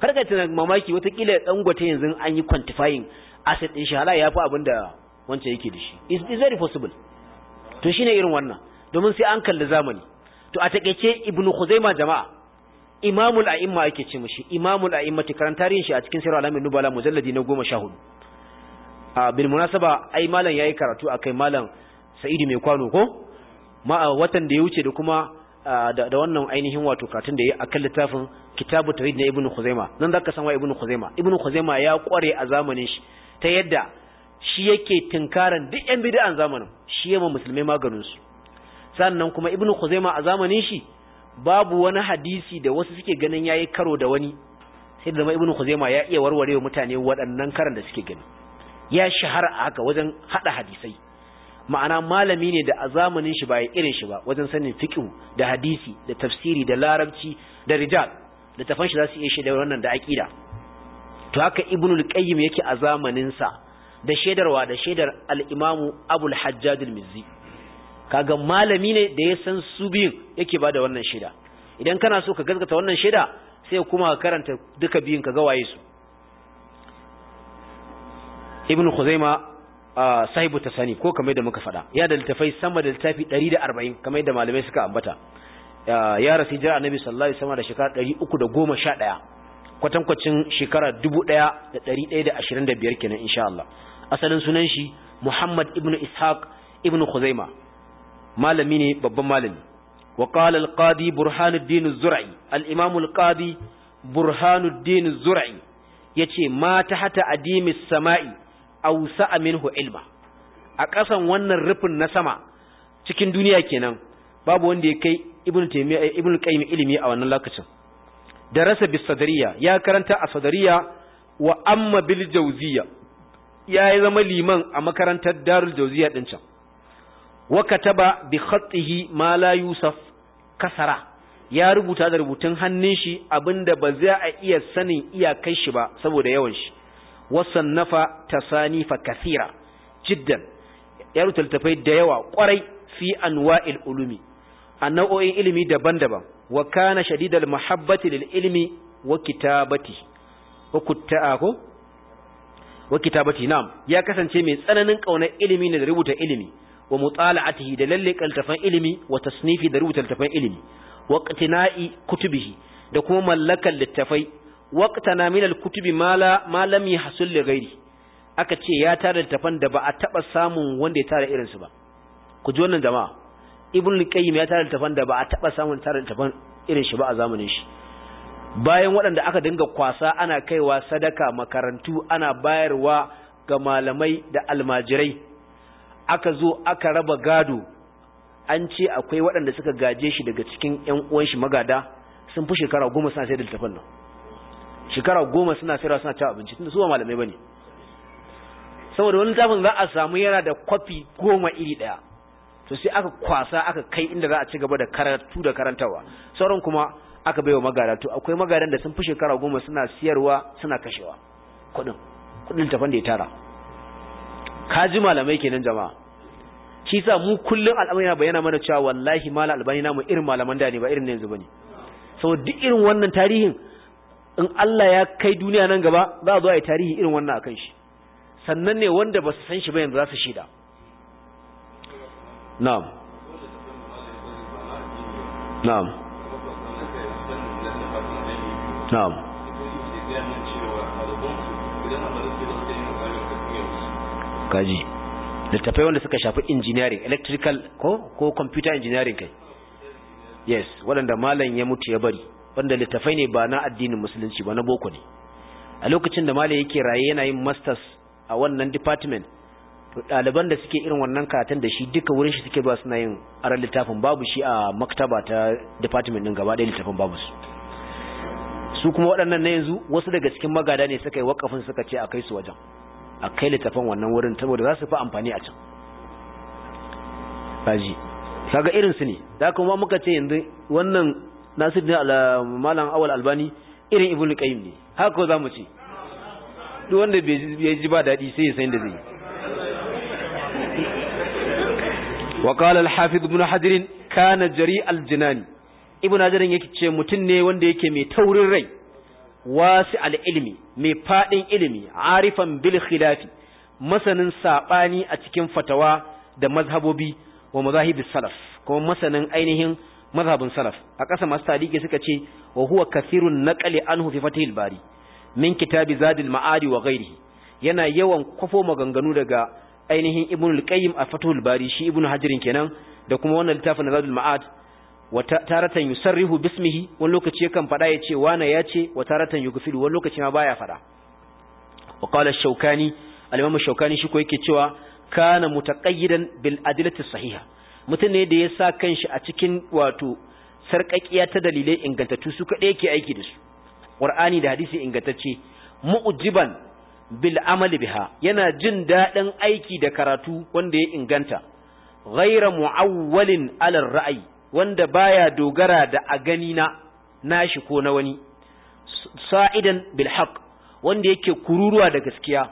kar ka tunan mamaki watakila dangote yanzu an yi quantifying asset din shi hala ya fi abinda wancan yake da shi is very possible to shine irin wannan domin sai an kalli zamani to a takeice ibnu khuzaima jama'a imamul a'imma yake ce mishi imamul karanta tarihin shi a cikin sirr alamin nubala mujalladi na 14 a bil munasaba ai malam yayi karatu akai malam sa'idu mai kwano ko ma watan da ya wuce da kuma da wannan ainihin wato karatun da ya akan littafin kitabu tawhid na ibnu khuzaima nan zaka san wa ibnu khuzaima ibnu khuzaima ya kware a zamanin shi ta yadda shi yake tinkaran duk yan bid'an zamanin shi yamma musulmai maganin su sannan kuma ibnu khuzaima a zamanin shi babu wani hadisi da wasu suke ganin yayi karo da wani sai da ibnu khuzaima ya iya warware wa mutane waɗannan karan da suke gani ya shahara a haka wajen hada hadisai ma'ana malami ne da a zamanin shi ba ya irin shi ba wajen sanin fiqh da hadisi da tafsiri da larabci da rijal da tafan shi za su iya da wannan da aqida to haka ibnu al-qayyim yake a zamanin sa da shaidarwa da shaidar al-imamu abul hajjaj al-mizzi kaga malami ne da ya san su biyun yake bada wannan shida, idan kana so ka gaskata wannan shida, sai kuma ka karanta duka biyun ka ga waye su ibnu khuzaima sahibu tasani ko kamar da muka faɗa ya da littafai sama da littafi 140 kamar da malamai suka ambata ya rasu jira annabi sallallahu alaihi wasallam da shekara 311 kwatankwacin shekara 1125 kenan insha Allah asalin sunan shi Muhammad ibnu Ishaq ibnu Khuzaima malami ne babban malami wa qala al-qadi burhanuddin az-zur'i al-imam al-qadi burhanuddin az-zur'i yace ma mata hata adimis sama'i awsa minhu ilma a ƙasan wannan rufin na sama cikin duniya kenan babu wanda ya kai ibn taymiya eh, qayyim ilimi a wannan lokacin darasa bis sadariya ya karanta a sadariya wa amma bil jawziya ya zama liman a makarantar darul jawziya din can wa kataba bi khatihi ma la yusaf kasara ya rubuta da rubutun hannun shi abinda ba za a iya sanin iyakai shi ba saboda yawan shi wasannafa tasanifa kathira jiddan ya rubuta littafai da yawa kwarai fi anwa'il ulumi a nau'o'in ilimi daban-daban wa kana shadidal mahabbati lil ilmi wa kitabati wa kutta'ahu wa kitabati na'am ya kasance mai tsananin kaunar ilimi ne da rubuta ilimi wa mutala'atihi da lalle kaltafan ilimi wa tasnifi da rubuta kaltafan ilimi wa qitna'i kutubihi da kuma mallakan littafai wa min al-kutubi malami la ma lam yahsul li ghairi aka ce ya tara littafan da ba a taba samun wanda ya tara irin su ba ku ji wannan jama'a ibn al-qayyim ya tara littafan da ba a taba samun tara littafan irin shi ba a zamanin shi bayan waɗanda aka dinga kwasa ana kaiwa sadaka makarantu ana bayarwa ga malamai da almajirai aka zo aka raba gado an ce akwai waɗanda suka gaje shi daga cikin ƴan uwan shi magada sun fi shekara goma suna sai da littafin nan shekara goma suna sayarwa suna cewa abinci tunda su ba malamai bane saboda wani littafin za a samu yana da kwafi goma iri ɗaya to sai aka kwasa aka kai inda za a ci gaba da karatu da karantawa sauran kuma aka bai wa magada to akwai magadan da sun fi shekara goma suna siyarwa suna kashewa kuɗin kuɗin littafin da ya tara Ka ji malamai kenan jama'a shi sa mu kullun al'amari na bayyana mana cewa wallahi mala albani namu irin malaman da ne ba irin ne yanzu bane so duk irin wannan tarihin in Allah ya kai duniya nan gaba za a zo a tarihi irin wannan akan shi sannan ne wanda ba su san shi ba yanzu za su shida na'am na'am na'am kaji littafai wanda suka shafi engineering electrical ko ko computer engineering kai yes wadanda malam ya mutu ya bari wanda littafai ne ba na addinin musulunci ba na boko ne a lokacin da malam yake raye yana yin masters a wannan department to ɗaliban da suke irin wannan karatun da shi duka wurin shi suke ba suna yin aran littafin babu shi a maktaba ta department din gaba ɗaya littafin babu su su kuma waɗannan na yanzu wasu daga cikin magada ne suka yi wakafin suka ce a kai su wajen a kai littafin wannan wurin saboda za su fi amfani a can faji kaga irin su ne da kuma muka ce yanzu wannan nasir da malam awal albani irin ibnu qayyim ne haka za mu ce duk wanda bai ji ba daɗi sai ya san da zai wa qala al-hafiz ibn hajar kana jari al-jinan ibnu hajar yake ce mutun ne wanda yake mai taurin rai wasi al'ilmi mai faɗin ilimi arifan bil khilafi masanin saɓani a cikin fatawa da mazhabobi wa mazahibis salaf kuma masanin ainihin mazhabin salaf a ƙasa masu tariki suka ce wa huwa kathirun naqli anhu fi fatihil bari min kitabi zadil ma'adi wa ghairihi yana yawan kwafo maganganu daga ainihin ibnul qayyim a fatihul bari shi ibnu hajirin kenan da kuma wannan littafin zadul ma'ad wata taratan yusarrihu bismihi wani lokaci yakan fada yace wana yace wa taratan yugfilu wani lokaci ma baya fada wa qala ash-shawkani al-imam shawkani shi ko yake cewa kana mutaqayyidan bil adilati sahiha mutum ne da ya sa kanshi a cikin wato sarkakiya ta dalilai ingantattu su kadai yake aiki da su qur'ani da hadisi ingantacce mu'jiban bil amali biha yana jin dadin aiki da karatu wanda ya inganta ghayra mu'awwalin ala ra'ayi wanda baya dogara da a gani na nashi ko na wani sa'idan bil haqq wanda yake kururuwa da gaskiya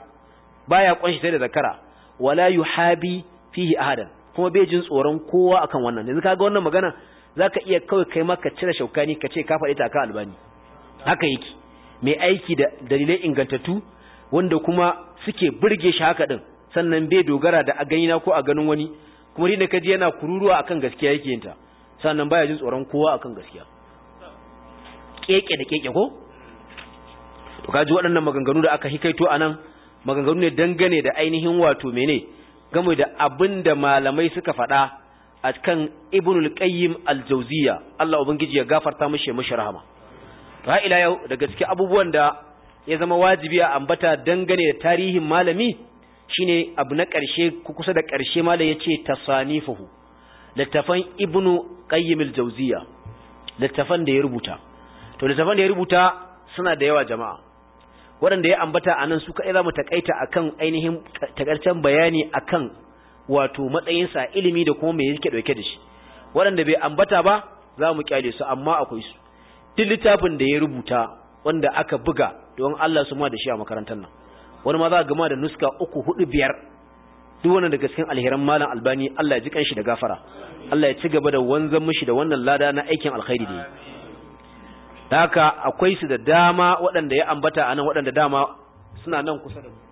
baya kunshi sai da zakara wala yuhabi fihi ahadan kuma bai jin tsoron kowa akan wannan yanzu kaga wannan magana zaka iya kawai kai maka cire shaukani ka ce ka faɗi ta ka albani haka yake mai aiki da dalilai ingantattu wanda kuma suke burge shi haka din sannan bai dogara da a gani na ko a ganin wani kuma rinda kaji yana kururuwa akan gaskiya yake yinta sannan baya jin tsoron kowa akan gaskiya keke da keke ko to kaji waɗannan maganganu da aka hikaito nan, maganganu ne dangane da ainihin wato mene game da abinda malamai suka faɗa a kan ibnul qayyim al-jawziya Allah ubangiji ya gafarta mishi mishi rahama to ha ila yau da gaske abubuwan da ya zama wajibi a ambata dangane da tarihin malami shine abu na ƙarshe kusa da ƙarshe malam yace tasanifuhu littafan ibnu qayyim al-jawziya littafan da ya rubuta to littafan da ya rubuta suna da yawa jama'a waɗanda ya ambata anan su kaɗai za mu taƙaita a ainihin taƙarcen bayani akan wato matsayin sa ilimi da kuma mai yake dauke da shi waɗanda bai ambata ba za mu ƙyale su amma akwai su duk littafin da ya rubuta wanda aka buga don Allah su ma da shi a makarantar nan wani ma za ga gama da nuska uku hudu biyar duk wannan daga cikin alheran malam albani Allah ya ji kanshi da gafara Allah ya ci gaba da wanzan mishi da wannan lada na aikin alkhairi da haka akwai su da dama waɗanda ya ambata a nan waɗanda dama suna nan kusa da mu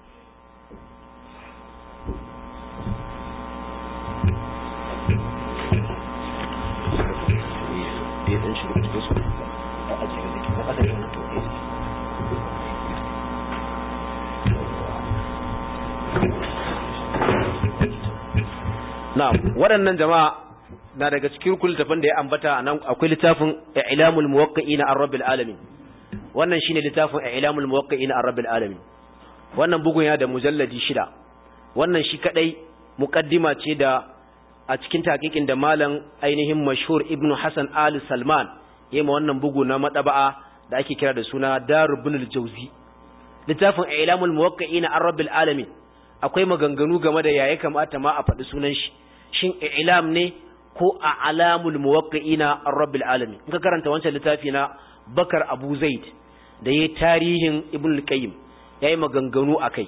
na waɗannan jama'a na daga cikin kullu tafan da ya ambata anan akwai littafin i'lamul muwaqqi'ina ar-rabbil alamin wannan shine littafin i'lamul muwaqqi'ina ar-rabbil alamin wannan bugun ya da mujalladi shida wannan shi kadai muqaddima ce da a cikin taqiqin da malam ainihin mashhur ibnu hasan al salman yema wannan bugu na madaba'a da ake kira da suna darubunul jawzi littafin i'lamul muwaqqi'ina ar-rabbil alamin akwai maganganu game da yayi kamata ma a faɗi sunan shi shin i'lam ne ko a alamul muwaqqi'ina ar-rabbil alamin in ka karanta wancan littafi na Bakar Abu Zaid da yayi tarihin Ibn al-Qayyim yayi maganganu akai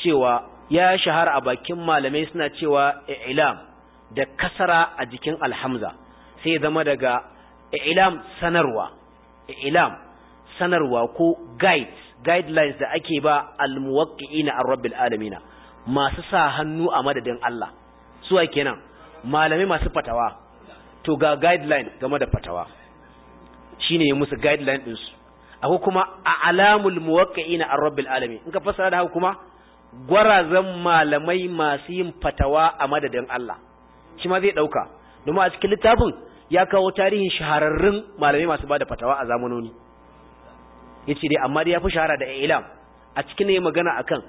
cewa ya shahara a bakin malamai suna cewa i'lam da kasara a jikin alhamza sai zama daga i'lam sanarwa i'lam sanarwa ko guide guidelines da ake ba al-muwaqqi'ina ar-rabbil alamin masu sa hannu a madadin Allah suwa kenan malamai masu fatawa to ga guideline game da fatawa shine ya musu guideline din su akwai kuma alamul muwaqqi'ina ar-rabbil alamin in ka fassara da haka kuma gwarazan malamai masu yin fatawa a madadin Allah shi ma zai ɗauka. domin a cikin littafin ya kawo tarihin shahararrun malamai masu bada fatawa a zamanoni yace dai amma dai yafi shahara da ilam a cikin ne magana akan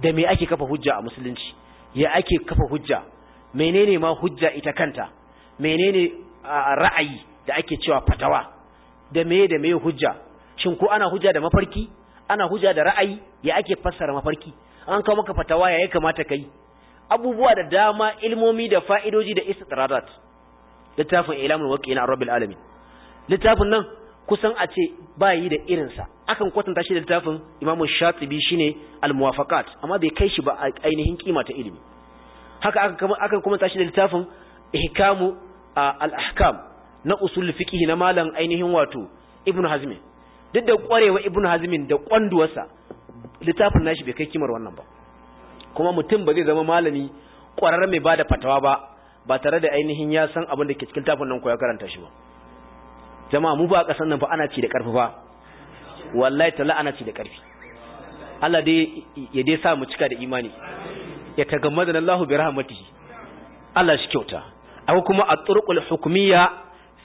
da me ake kafa hujja a musulunci ya ake kafa hujja menene ma hujja ita kanta menene ra'ayi da ake cewa fatawa da me da me hujja shin ko ana hujja da mafarki ana hujja da ra'ayi ya ake fassara mafarki an kawo maka fatawa ya kamata kai abubuwa da dama ilmomi da fa'idoji da istitradat littafin ilamul waqi'ina rabbil alamin littafin nan kusan a ce ba yi da sa akan kwatanta shi da littafin imamu shatibi shine al-muwafaqat amma bai kai shi ba a ainihin kima ta ilimi haka aka kuma tashi da littafin ihkamu al-ahkam na usul fiqh na malam ainihin wato ibn hazm duk da kwarewa ibn hazm da kwanduwarsa littafin nashi bai kai kimar wannan ba kuma mutum ba zai zama malami kwararre mai bada fatawa ba ba tare da ainihin ya san abin da ke cikin tafin nan ko ya karanta shi ba jama'a mu ba kasan nan fa ana ci da karfi fa wallahi tala ana ci da karfi Allah dai ya dai sa mu cika da imani ya tagammadana Allahu bi rahmatihi Allah shi kyauta akwai kuma at-turuqul hukumiyya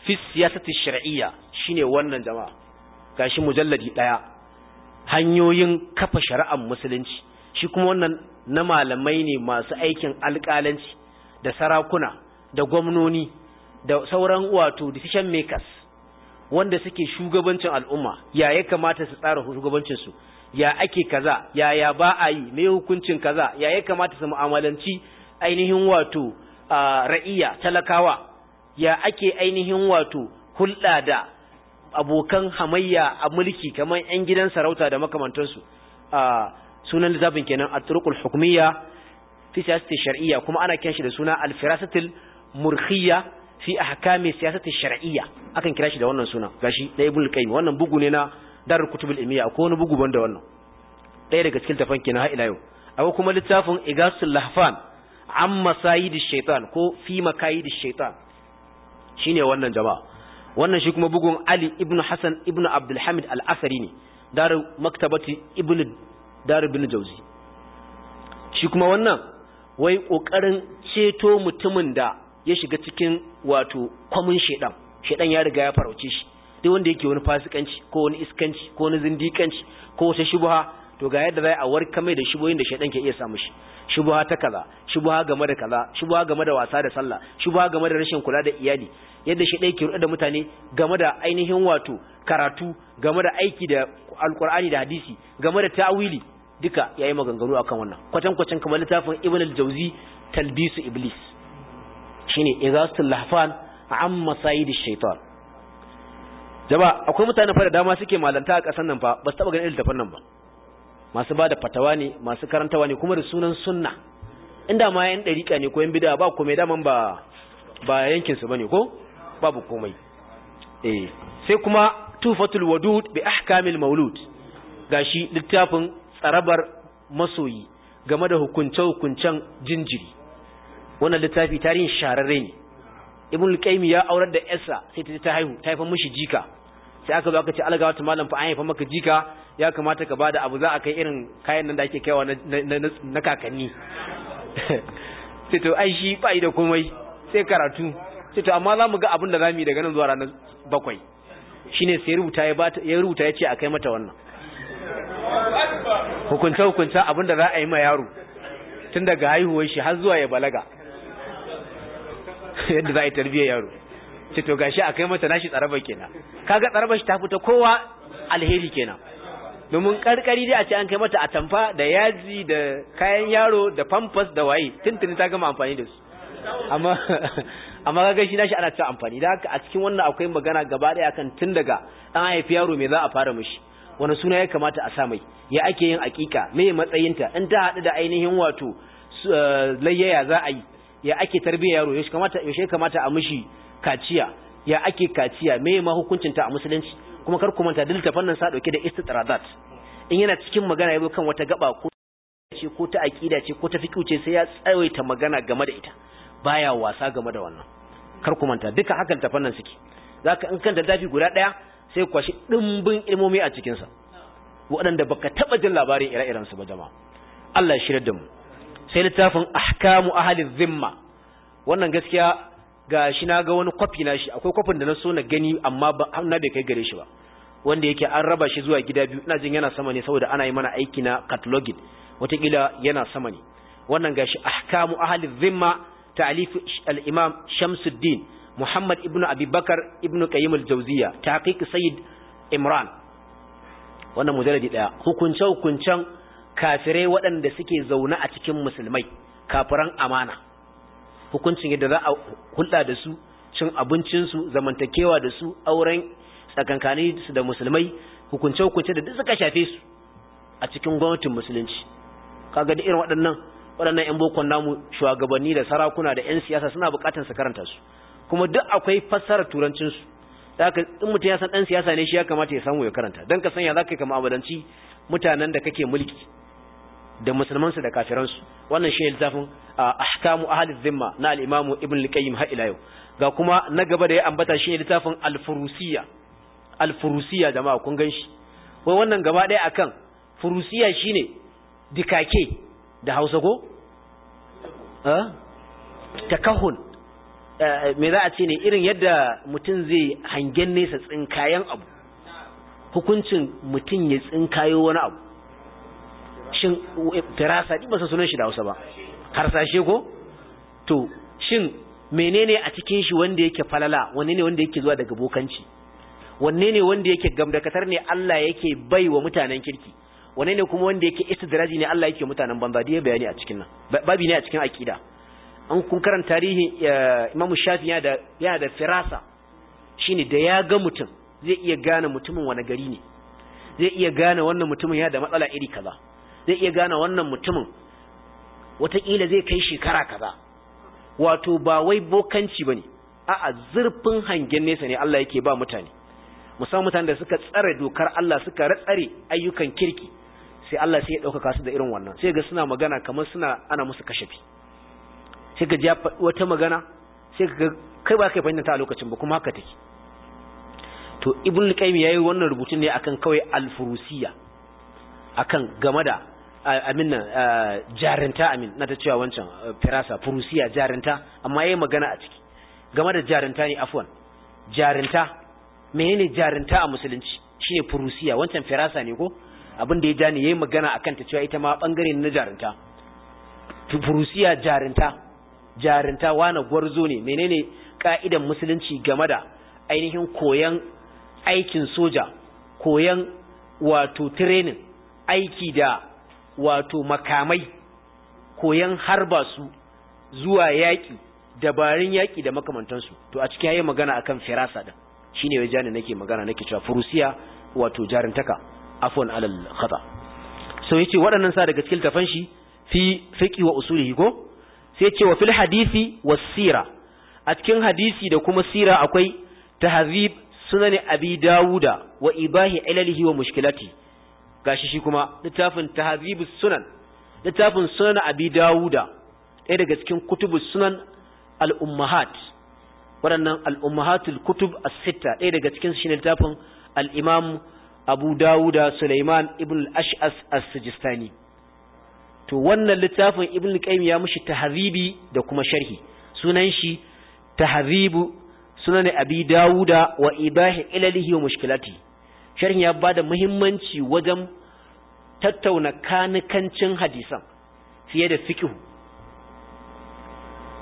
fi siyasati shar'iyya shine wannan jama'a gashi mujalladi daya hanyoyin kafa shari'ar musulunci shi kuma wannan na malamai ne masu aikin alƙalanci da sarakuna da gwamnoni da sauran wato decision makers wanda suke shugabancin al'umma ya ya kamata su tsara shugabancin su ya ake kaza ya ya ba a yi me hukuncin kaza ya ya kamata su mu'amalanci ainihin wato ra'iya talakawa ya ake ainihin wato hulɗa da abokan hamayya a mulki kamar 'yan gidan sarauta da makamantansu sunan lissafin kenan a turkul hukumiyya fi siyasati shar'iyya kuma ana kiran shi da suna alfirasatul murkhiyya fi ahkami siyasati shar'iyya akan kira shi da wannan suna gashi da ibn qayyim wannan bugu ne na darul kutubul ilmiya ko wani bugu banda wannan ɗaya daga cikin tafan kenan har ila yau akwai kuma littafin igasul lahfan an da shaitan ko fi makayidi shaitan shine wannan jama'a wannan shi kuma bugun ali ibn Hassan ibn Abdulhamid hamid al-asari ne darul maktabati ibn darul ibn jauzi shi kuma wannan wai kokarin ceto mutumin da ya shiga cikin wato kwamin shaiɗan. Shaiɗan ya riga ya farauce shi duk wanda yake wani fasikanci ko wani iskanci ko wani zindikanci ko wata shubha to ga yadda zai a warka mai da shubohin da shaidan ke iya samu shi shubha ta kaza shubha game da kaza shubha game da wasa da sallah shubha game da rashin kula da iyali yadda shaidan ke ruɗa da mutane game da ainihin wato karatu game da aiki da alkur'ani da hadisi game da ta'wili duka yayi maganganu akan wannan kwatan kwatankwacin kamar littafin ibn al-jawzi talbisu iblis shine igastul lahfan amma sayyidish shaitan jaba akwai mutane fa da dama suke malanta a ƙasar nan fa ba su taɓa ganin littafin nan ba masu ba da fatawa ne masu karantawa ne kuma da sunan sunna inda ma yan ɗariƙa ne ko yan bida ba komai daman ba ba yankinsu ba ne ko babu komai eh sai kuma tufatul wadud bi ahkamil maulud gashi littafin tsarabar masoyi game da hukunce-hukuncen jinjiri wannan littafi tarihin shararre ne ibn qayyim ya aurar da yarsa sai ta ta haihu ta haifa mishi jika sai aka zo aka ce alga wata malam fa an haifa maka jika ya kamata ka bada abu za a kai irin kayan nan da ake kaiwa na kakanni sai to ai shi ba da komai sai karatu sai to amma za mu ga abin da za mu yi daga nan zuwa ranar bakwai shine sai rubuta ya bata ya rubuta yace kai mata wannan hukunta hukunta abin da za a yi ma yaro tun daga haihuwar shi har zuwa ya balaga yadda za a yi tarbiyyar yaro ce to gashi a kai mata nashi tsaraba kenan kaga tsaraba shi ta fita kowa alheri kenan domin karkari dai a ce an kai mata atamfa da yaji da kayan yaro da pampers da waye tuntuni ta gama amfani da su amma amma kaga shi nashi ana cewa amfani da haka a cikin wannan akwai magana gaba daya akan tun daga an haifi yaro me za a fara mishi wani suna ya kamata a sa mai ya ake yin akika me matsayinta in ta haɗu da ainihin wato eh, layyaya za a yi ya ake tarbiyya yaro yaushe kamata yaushe kamata a mishi kaciya ya ake kaciya me ma hukuncinta a musulunci kuma kar ku manta dilta fannin sa dauke da istitradat in yana cikin magana yabo kan wata gaba ko ce ko ta aqida ce ko ta fiqh ce sai ya tsawaita magana game da ita baya wasa game da wannan kar ku manta duka hakan ta fannin suke zaka in kanta dafi guda daya sai kwashi dimbin ilmomi a cikin sa waɗanda baka taba jin labarin ire-iren su ba jama'a Allah ya shirya da mu sai littafin ahkamu ahli zimma wannan gaskiya ga shi na ga wani kwafi na shi akwai kwafin da na so na gani amma na bai kai gare shi ba wanda yake an raba shi zuwa gida biyu ina jin yana sama ne saboda ana yi mana aiki na cataloging watakila yana sama ne wannan gashi ahkamu ahli zimma ta'alif al-imam Shamsuddin Muhammad ibn Abibakar ibnu ibn Qayyim al-Jawziyya tahqiq Sayyid Imran wannan mujalladi daya hukunce hukuncen kafirai waɗanda suke zaune a cikin musulmai kafiran amana hukuncin yadda za a hulɗa da su cin abincinsu zamantakewa da su auren tsakankani su da musulmai hukunce-hukunce da duk suka shafe su a cikin gwamnatin musulunci kaga da irin waɗannan waɗannan 'yan bokon namu shugabanni da sarakuna da 'yan siyasa suna buƙatar su karanta su kuma duk akwai fassarar turancinsu su zaka in mutum ya san ɗan siyasa ne shi ya kamata ya samu ya karanta don ka sanya za ka yi abadanci mutanen da kake mulki da musulmansu da kafiransu wannan shi ne littafin ahkamu ahli zimma na al-imamu ibn al-qayyim har ila yau ga kuma na gaba da ya ambata shi ne littafin al-furusiya al-furusiya jama'a kun gan shi wai wannan gaba ɗaya akan furusiya shine dikake da Hausa ko eh takahun eh, eh, me za a ce ne irin yadda mutum zai hangen nesa tsinkayan abu hukuncin mutum ya tsinkayo wani abu shin firasa ba su sunan shi da Hausa ba harsashe ko to shin menene a cikin shi wanda yake falala wanne ne wanda yake zuwa daga bokanci wanne ne wanda yake gamdakatar ne Allah yake bai wa mutanen kirki wanne ne kuma wanda yake istidraji ne Allah yake mutanen banza da bayani a cikin nan babi ne a cikin akida an kun karanta tarihin Imam Shafi ya da ya da firasa shine da ya ga mutum zai iya gane mutumin wani gari ne zai iya gane wannan mutumin ya da matsala iri kaza zai iya gane wannan mutumin wataƙila zai kai shekara kaza wato ba wai bokanci ba ne a'a zurfin hangen nesa ne Allah yake ba mutane musamman mutane da suka tsare dokar Allah suka ratsare ayyukan kirki sai Allah sai ya ɗaukaka su da irin wannan sai ga suna magana kamar suna ana musu kashafi sai ka ji wata magana sai ka kai ba kai fahimta ta lokacin ba kuma haka take to ibn qayyim yayi wannan rubutun ne akan kawai al-furusiyya akan game da amin nan jarinta amin na ta cewa wancan firasa furusiya jarinta amma yayi magana a ciki game da jarinta ne afwan jarinta menene jarinta a musulunci shine furusiya wancan firasa ne ko abin da ya ja ne yayi magana akan ta cewa ita ma bangare na jarinta furusiya jarinta jarinta wani gwarzo ne menene ka'idan musulunci game da ainihin koyan aikin soja koyan wato training aiki da wato makamai koyan harba su zuwa yaƙi dabarun yaƙi da makamantansu to a cikin yayin magana akan firasa din shine ya jani nake magana nake cewa furusiya wato jarintaka afwan alal khata so yace waɗannan sa daga cikin tafan shi fi fiqi wa usulihi ko sai yace wa fil hadisi was sira a cikin hadisi da kuma sira akwai tahzib sunan abi dawuda wa ibahi ilalihi wa mushkilati gashi shi kuma littafin tahzibus sunan littafin sunan abi dawuda ɗaya daga cikin kutubus sunan al-ummahat waɗannan al-ummahatul kutub as-sitta ɗaya daga cikin shi ne littafin al-imam abu dauda sulaiman ibn al-ash'as as-sijistani to wannan littafin ibn qayyim ya mushi tahzibi da kuma sharhi sunan shi tahzibu sunan abi dauda wa ibahi ilalihi wa mushkilati sharhin ya ba da muhimmanci wajen tattauna kanikancin hadisan fiye da fikihu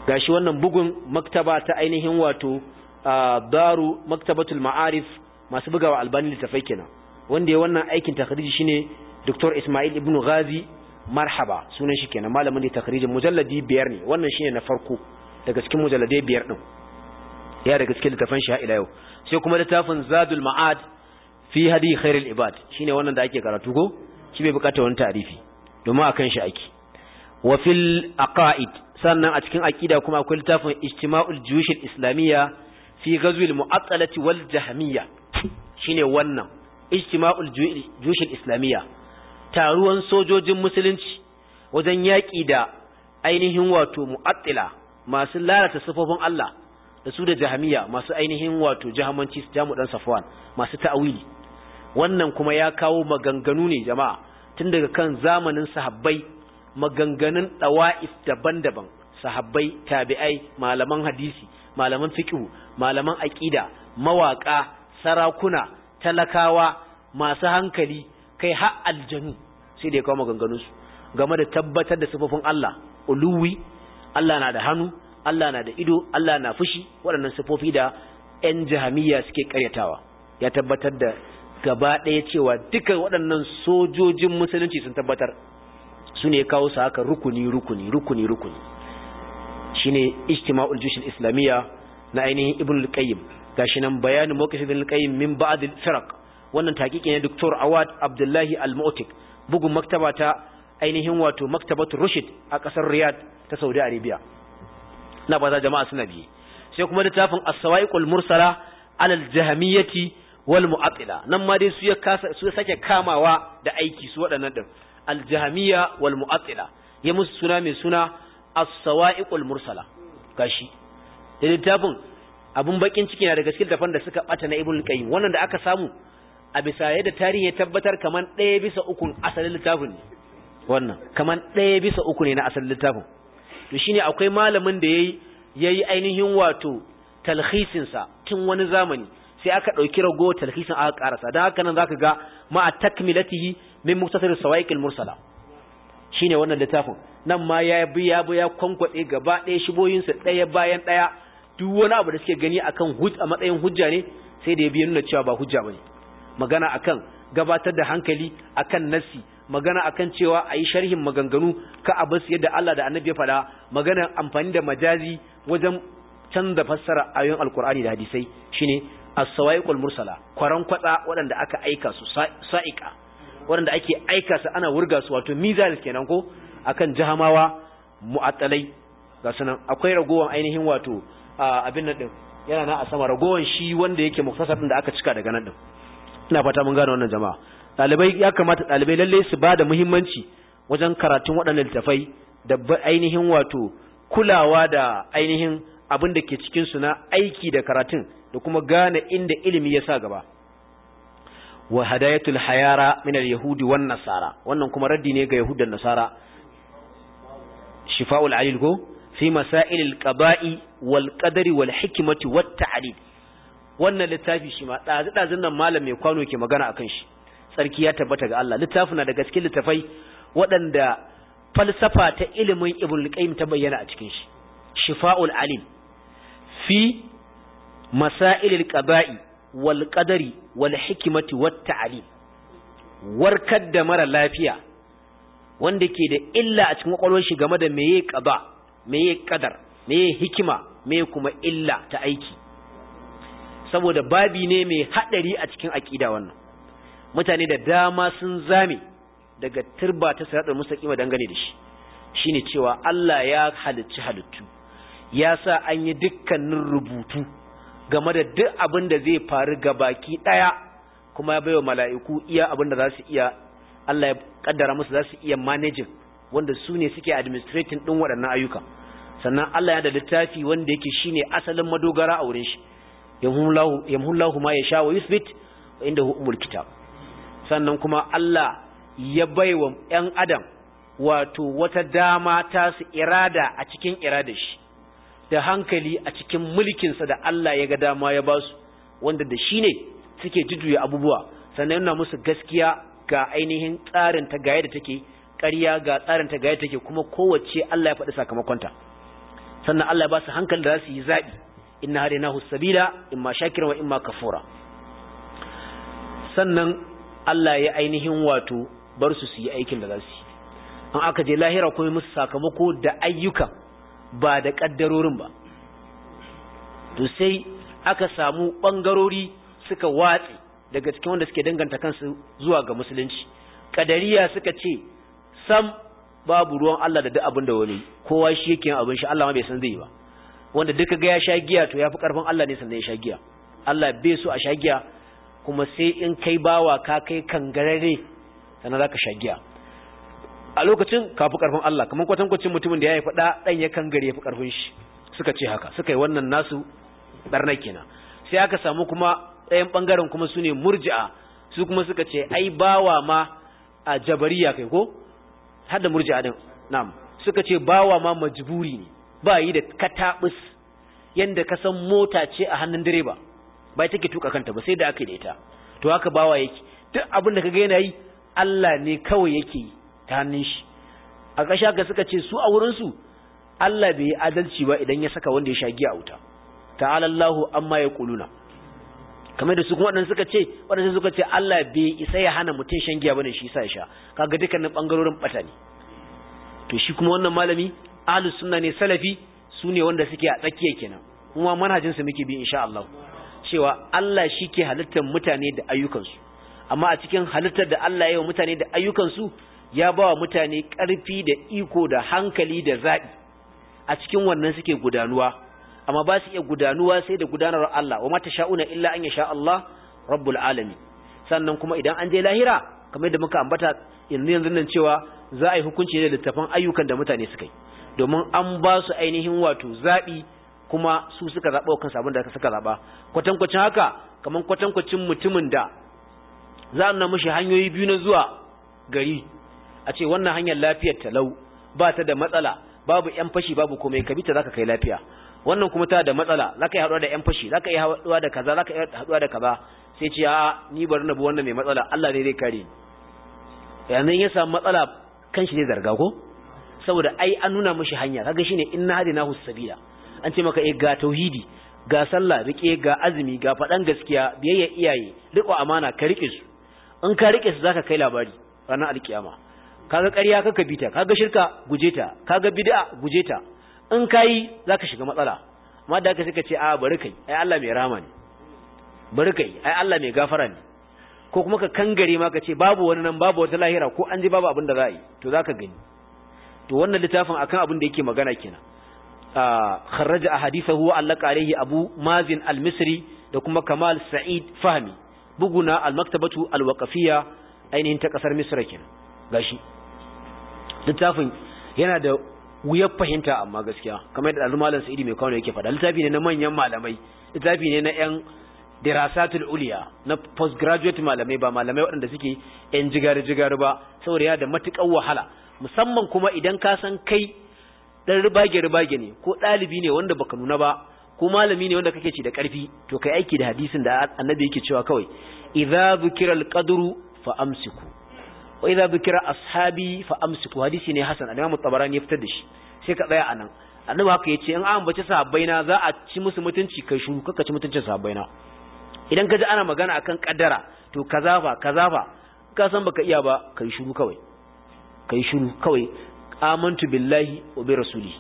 gashi wannan bugun maktaba ta ainihin wato daru maktabatul ma'arif masu bugawa albani littafai kenan wanda ya wannan aikin takariji shine Dr. Ismail Ibn Ghazi marhaba sunan shi kenan malamin da takrijin mujalladi biyar ne wannan shine na farko daga cikin mujalladai biyar din ya daga cikin littafin shi ila yau sai kuma littafin Zadul Ma'ad fi hadi khairul ibad shine wannan da ake karatu go shi bai bukata wani ta'rifi domin akan shi ake wa fil aqaid sannan a cikin aqida kuma akwai littafin ijtima'ul juyush islamiyya fi ghazwil mu'attalati wal jahmiyya shine wannan ijtima'ul juyush islamiyya taruwan sojojin musulunci wajen yaki da ainihin wato mu'attila masu lalata sifofin Allah da su da jahamiya masu ainihin wato jahamanci su jamu dan safwan masu ta'awili wannan kuma ya kawo maganganu ne jama'a tun daga kan zamanin sahabbai maganganun dawa'if daban-daban sahabbai tabi'ai malaman hadisi malaman fiqh malaman aqida mawaka sarakuna talakawa masu hankali kai har aljanu sai da ya kawo maganganun su game da tabbatar da sifofin Allah uluwi Allah na da hannu Allah na da ido Allah na fushi waɗannan sifofi da 'yan jahamiyya suke ƙaryatawa ya tabbatar da gaba ɗaya cewa duka waɗannan sojojin musulunci sun tabbatar su ne kawo su haka rukuni rukuni rukuni rukuni shine ijtima'ul jushul islamiyya na ainihin ibn al-qayyim shi nan bayanin mawqif ibn al-qayyim min ba'd al-firaq wannan takiki ne doktor Awad Abdullahi al-Mu'tik bugun maktaba ta ainihin wato maktabatu rushid a kasar Riyad ta Saudi Arabia na ba za jama'a suna biye sai kuma littafin as-sawa'iqul mursala ala al-jahmiyyati wal mu'attila nan ma dai su ya kasa su sake kamawa da aiki su waɗannan din al wal mu'attila ya musu suna mai suna as-sawa'iqul mursala gashi da littafin abun bakin ciki na daga cikin dafan da suka bata na ibn qayyim wannan da aka samu a bisa yadda tarihi ya tabbatar kaman ɗaya bisa ukun asalin littafin ne wannan kaman ɗaya bisa uku ne na asalin littafin to shine akwai malamin da yayi yayi ainihin wato talhisin sa tun wani zamani sai aka dauki rago talhisin aka karasa dan haka nan zaka ga ma takmilatihi min muktasar sawaiqil mursala shine wannan littafin nan ma ya bi ya bi ya kwankwade gaba ɗaya shiboyin sa daya bayan ɗaya duk wani abu da suke gani akan hujja a matsayin hujja ne sai da ya biyo nuna cewa ba hujja bane magana akan gabatar da hankali akan nasi magana akan cewa a yi sharhin maganganu ka a yadda Allah da annabi ya faɗa maganar amfani da majazi wajen canza fassara ayoyin alkur'ani da hadisai shine as-sawa'iqul mursala kwaran kwatsa waɗanda aka aika su sa'iqa waɗanda ake aika su ana wurga su wato mizal kenan ko akan jahamawa mu'attalai ga sunan akwai ragowan ainihin wato abin nan din yana na a sama ragowan shi wanda yake muktasar din da aka cika daga nan din ina fata mun gane wannan jama'a dalibai ya kamata dalibai lalle su bada muhimmanci wajen karatun waɗannan littafai da ainihin wato kulawa da ainihin abin da ke cikin su na aiki da karatun da kuma gane inda ilimi ya sa gaba wa hadayatul hayara min al-yahudi wan nasara wannan kuma raddi ne ga yahudan nasara shifa'ul alil ko fi masailil qaba'i wal qadari wal hikmati wat ta'lil wannan littafi shi ma dazu dazun nan malam mai kwano ke magana akan shi tsarki ya tabbata ga Allah littafin na daga cikin littafai waɗanda falsafa ta ilimin ibn qayyim ta bayyana a cikin shi shifa'ul alim fi masailil qada'i wal qadari wal hikmati wat warkar da mara lafiya wanda ke da illa a cikin kwakwalwar shi game da meye qada meye qadar meye hikima meye kuma illa ta aiki saboda babi ne mai haɗari a cikin aƙida wannan mutane da dama sun zame daga turba ta siratul mustaqima dangane da shi shine cewa Allah ya halicci halittu ya sa an yi dukkanin rubutu game da duk abin da zai faru ga baki ɗaya kuma ya baiwa mala'iku iya abin da za su iya Allah ya kaddara musu za su iya managing wanda su ne suke administrating ɗin waɗannan ayyuka sannan Allah ya da littafi wanda yake ne asalin madogara a wurin shi yamhullahu ma ya sha wa yusbit wa inda umul kitab sannan kuma Allah ya baiwa 'yan adam wato wata dama ta su irada a cikin iradar shi da hankali a cikin mulkinsa da Allah ya ga dama ya ba su wanda da shi ne suke jujuya abubuwa sannan yana musu gaskiya ga ainihin tsarin ta gaya da take ƙarya ga tsarin ta gaya take kuma kowace Allah ya faɗi sakamakonta sannan Allah ya ba su hankali da za su yi zaɓi inna hadainahu sabila imma shakira wa imma kafura sannan Allah ya ainihin wato bar su su yi aikin da za su yi an aka je lahira kuma musu sakamako da ayyukan ba da ƙaddarorin ba to sai aka samu ɓangarori suka watsi daga cikin wanda suke danganta kansu zuwa ga musulunci ƙadariya suka ce sam babu ruwan Allah da duk abin da wani kowa shi yake yin abin shi Allah ma bai san zai yi ba wanda duka ga ya sha giya to ya fi ƙarfin Allah ne sannan ya sha giya Allah bai so a sha giya kuma sai in kai bawa ka kai kangarare sannan za ka sha giya a lokacin kafu karfin Allah kamar kwatankwacin mutumin da ya yi faɗa ɗan ya kangare ya fi karfin shi suka ce haka suka yi wannan nasu barna kenan sai aka samu kuma ɗayan ɓangaren kuma su ne murji'a su kuma suka ce ai bawa ma a jabariya kai ko hadda murji'a ɗin nam suka ce bawa ma majburi ne ba yi da kataɓis yadda ka san mota ce a hannun direba bai take tuka kanta ba sai da aka yi da ita to haka bawa yake duk abin da ka yana yi Allah ne kawai yake yi ta hannun shi a ƙasha haka suka ce su a wurinsu Allah bai yi adalci ba idan ya saka wanda ya sha giya a wuta ta'ala amma ya kuluna kamar da su kuma waɗanda suka ce waɗanda suka ce Allah bai isa ya hana mutum shan giya bane shi yasa ya sha kaga dukkanin bangarorin bata ne to shi kuma wannan malami ahlus sunna ne salafi su ne wanda suke a tsakiyar kenan kuma manhajin su muke bi insha Allah cewa Allah shi ke halittar mutane da ayyukansu amma a cikin halittar da Allah ya yi wa mutane da ayyukansu ya ba wa mutane ƙarfi da iko da hankali da zaɓi a cikin wannan suke gudanuwa amma ba su iya gudanuwa sai da gudanar Allah wa mata sha'una illa an yasha Allah rabbul alami sannan kuma idan an je lahira kamar da muka ambata yanzu yanzu nan cewa za a yi hukunci da littafin ayyukan da mutane suka yi domin an ba su ainihin wato zaɓi kuma su suka zaɓa kansu abin da suka zaɓa kwatankwacin haka kamar kwatankwacin mutumin da za a nuna mashi hanyoyi biyu na zuwa gari a ce wannan hanyar lafiyar talau ba ta da matsala babu yan fashi babu komai ka bi ta zaka kai lafiya wannan kuma ta da matsala zaka yi haduwa da yan fashi zaka yi haduwa da kaza zaka yi haduwa da kaza sai ce a ni bari na bi wannan mai matsala Allah ne zai kare ni yanzu ya samu matsala kan shi ne zarga ko saboda ai an nuna mishi hanya kaga shine inna hadinahu sabila an ce maka eh ga tauhidi ga sallah rike ga azumi ga faɗan gaskiya biyayya iyaye riko amana ka rike su in ka rike su zaka kai labari ranar alkiyama kaga ƙarya kaka bita kaga shirka guje ta kaga bid'a guje ta in kai zaka shiga matsala amma da ka suka ce a bari kai ai Allah mai rahama ne bari kai ai Allah mai gafara ne ko kuma ka kangare ma ka ce babu wani nan babu wata lahira ko an ji babu abin da za a yi to zaka gani to wannan littafin akan abin da yake magana kenan mazin al-misri da kuma kamal sa'id fahmi buguna al-maktabatu al-waqafiyya ainihin ta kasar misra kenan Gashi. littafin yana da wuyar fahimta amma gaskiya kamar yadda malam sa'idi mai kawo yake faɗa littafi ne na manyan malamai littafi ne na yan dirasatul uliya na postgraduate malamai ba malamai waɗanda suke yan jigari-jigari ba saboda ya da matuƙar wahala musamman kuma idan ka san kai ɗan ribage-ribage ne ko ɗalibi ne wanda baka nuna ba ko malami ne wanda kake ci da ƙarfi to kai aiki da hadisin da annabi yake cewa kawai idza zukira al-qadru fa amsiku wa idza dhukira ashabi fa amsiku hadisi ne hasan annabi mutabarani ya fitar da shi sai ka tsaya anan annabi haka yace in an bace sahabbaina za a ci musu mutunci kai shuru kaka ci mutuncin sahabbaina idan ka ji ana magana akan kaddara to kaza fa kaza fa ka san baka iya ba kai shuru kawai kai shuru kawai amantu billahi wa bi rasuli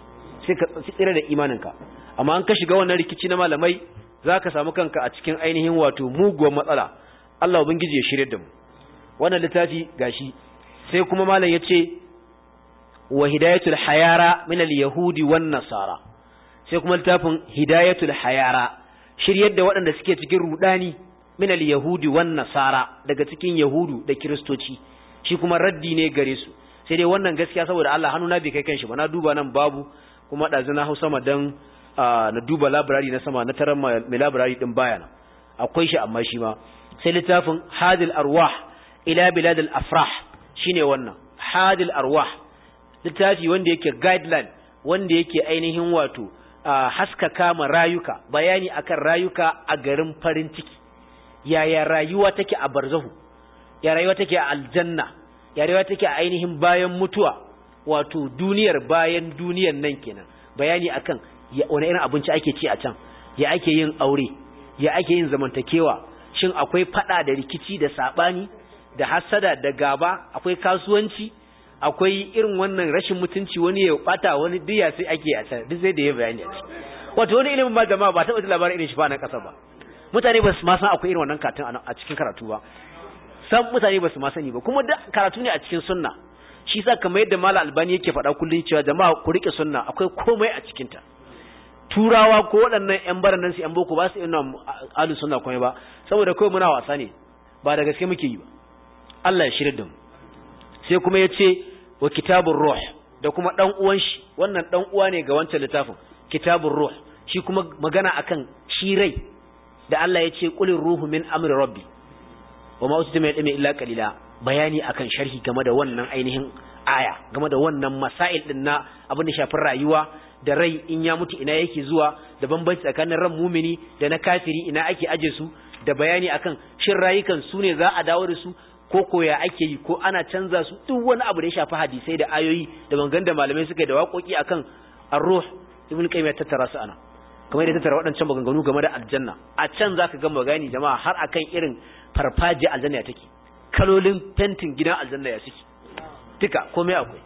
sai ka tsira da imaninka amma an ka shiga wannan rikici na malamai zaka samu kanka a cikin ainihin wato muguwar matsala Allah ubangiji ya shirye da mu wannan littafi gashi sai kuma malam yace wa hidayatul hayara min al-yahudi wan nasara sai kuma littafin hidayatul hayara shiryar da waɗanda suke cikin rudani min al-yahudi wan nasara daga cikin yahudu da kiristoci shi kuma raddi ne gare su sai dai wannan gaskiya saboda Allah hannu na bai kai kanshi ba na duba nan babu kuma ɗazu na hau sama dan na duba labirari na sama na tarar mai labirari din bayana akwai shi amma shi ma sai littafin hadil arwah ila bilad al-afrah shine wannan hadil arwah littafi wanda yake guideline wanda yake ainihin wato haska kama rayuka bayani akan rayuka a garin farin ciki yaya rayuwa take a barzahu ya rayuwa take a aljanna ya rayuwa take a ainihin bayan mutuwa wato duniyar bayan duniyar nan kenan bayani akan wani irin abinci ake ci a can ya ake yin aure ya ake yin zamantakewa shin akwai fada da rikici da sabani da hasada da gaba akwai kasuwanci akwai irin wannan rashin mutunci wani ya bata wani diya sai ake a tsara duk sai da ya bayani a ciki wato wani ilimin ma jama'a ba taɓa labarin irin shi ba na ƙasa ba mutane ba su ma san akwai irin wannan katin a cikin karatu ba san mutane ba su ma sani ba kuma da karatu ne a cikin sunna shi sa kamar yadda mala albani yake faɗa kullum cewa jama'a ku rike sunna akwai komai a cikinta turawa ko waɗannan yan barannan su yan boko ba su yi alu sunna komai ba saboda kawai muna wasa ne ba da gaske muke yi ba Allah ya shirya da mu sai kuma ya ce wa kitabun ruh da kuma ɗan uwan shi wannan ɗan uwa ne ga wancan littafin kitabun ruh shi kuma magana akan shi rai da Allah ya ce kulin ruhu min amri rabbi wa ma usitu illa qalila bayani akan sharhi game da wannan ainihin aya game da wannan masail din na abin da shafin rayuwa da rai in ya mutu ina yake zuwa da bambanci tsakanin ran mumini da na kafiri ina ake aje su da bayani akan shin rayukan su ne za a dawo da su ko koya ake yi ko ana canza su duk wani abu da ya shafi hadisai da ayoyi da bangan da malamai suka yi da waƙoƙi akan ar-ruh ibn qayyim ya tattara su ana kamar da tattara waɗancan maganganu game da aljanna a can zaka ga magani jama'a har akan irin farfaje aljanna ya take kalolin fentin gidan aljanna ya suke duka komai akwai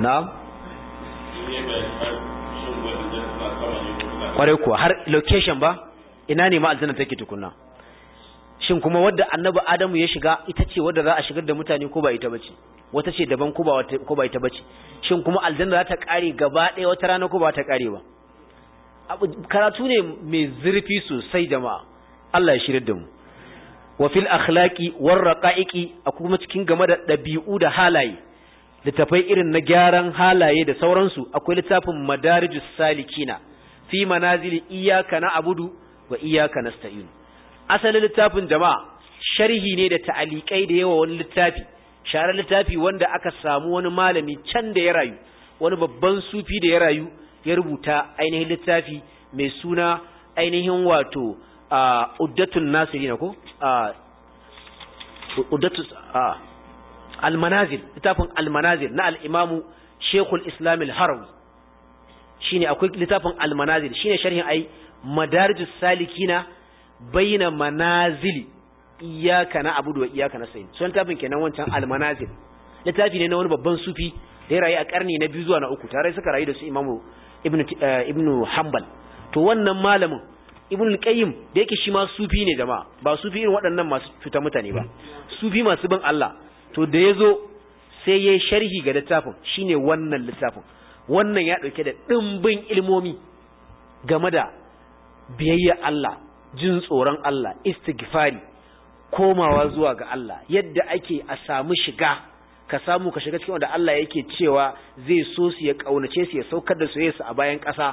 na'am kwarai kuwa har location ba ina ne ma aljanna take tukunna shin kuma wadda annabi adamu ya shiga ita ce wadda za a shigar da mutane ko ba ita bace wata ce daban ko ba ko ba ita bace shin kuma aljanna za ta kare gaba ɗaya wata rana ko ba ta kare ba karatu ne mai zurfi sosai jama'a Allah ya shirye da mu wa fil akhlaqi war raqaiqi kuma cikin game da dabi'u da halaye littafai irin na gyaran halaye da sauransu akwai littafin madarijus salikina fi manazili iyyaka na'budu wa iyyaka nasta'in asalin littafin jama'a sharhi ne da ta'alikai da yawa wani littafi share littafi wanda aka samu wani malami can da ya rayu wani babban sufi da ya rayu ya rubuta ainihin littafi mai suna ainihin wato uddatun na ko uddatun almanazil littafin almanazil na al'imamu shekul islamil harawi shine akwai littafin almanazil shine sharhin ai madarijus salikina baina manazili iyaka na abudu wa iyaka na sayin sun tafin kenan wancan almanazil littafi ne na wani babban sufi da ya rayu a karni na biyu zuwa na uku tare suka rayu da su imamu ibnu eh, hanbal to wannan malamin ibnu qayyim da yake shi ma sufi ne jama'a ba sufi irin waɗannan masu fita mutane ba sufi masu bin Allah to da yazo sai yayi sharhi ga littafin shine wannan littafin wannan ya dauke da dimbin ilmomi game da biyayya Allah jin tsoron Allah istighfari komawa zuwa ga Allah yadda ake a samu shiga ka samu ka shiga cikin wanda Allah yake cewa zai so su ya kaunace su ya saukar da soyayya su a bayan ƙasa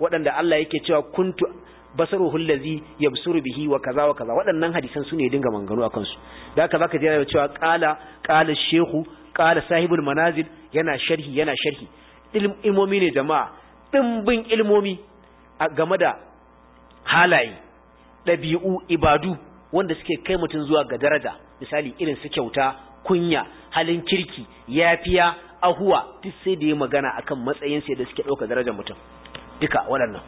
waɗanda Allah yake cewa kuntu basaruhu allazi yabsuru bihi wa kaza wa kaza waɗannan hadisan su dinga manganu akan su da haka zaka ji yana cewa qala qala shehu qala sahibul manazil yana sharhi yana sharhi ilmomi ne jama'a dimbin ilmomi game da halaye ɗabi'u ibadu wanda suke kai mutum zuwa ga daraja misali irin su kyauta kunya halin kirki yafiya ahuwa duk sai da ya magana akan matsayin sai da suke ɗauka darajar mutum duka waɗannan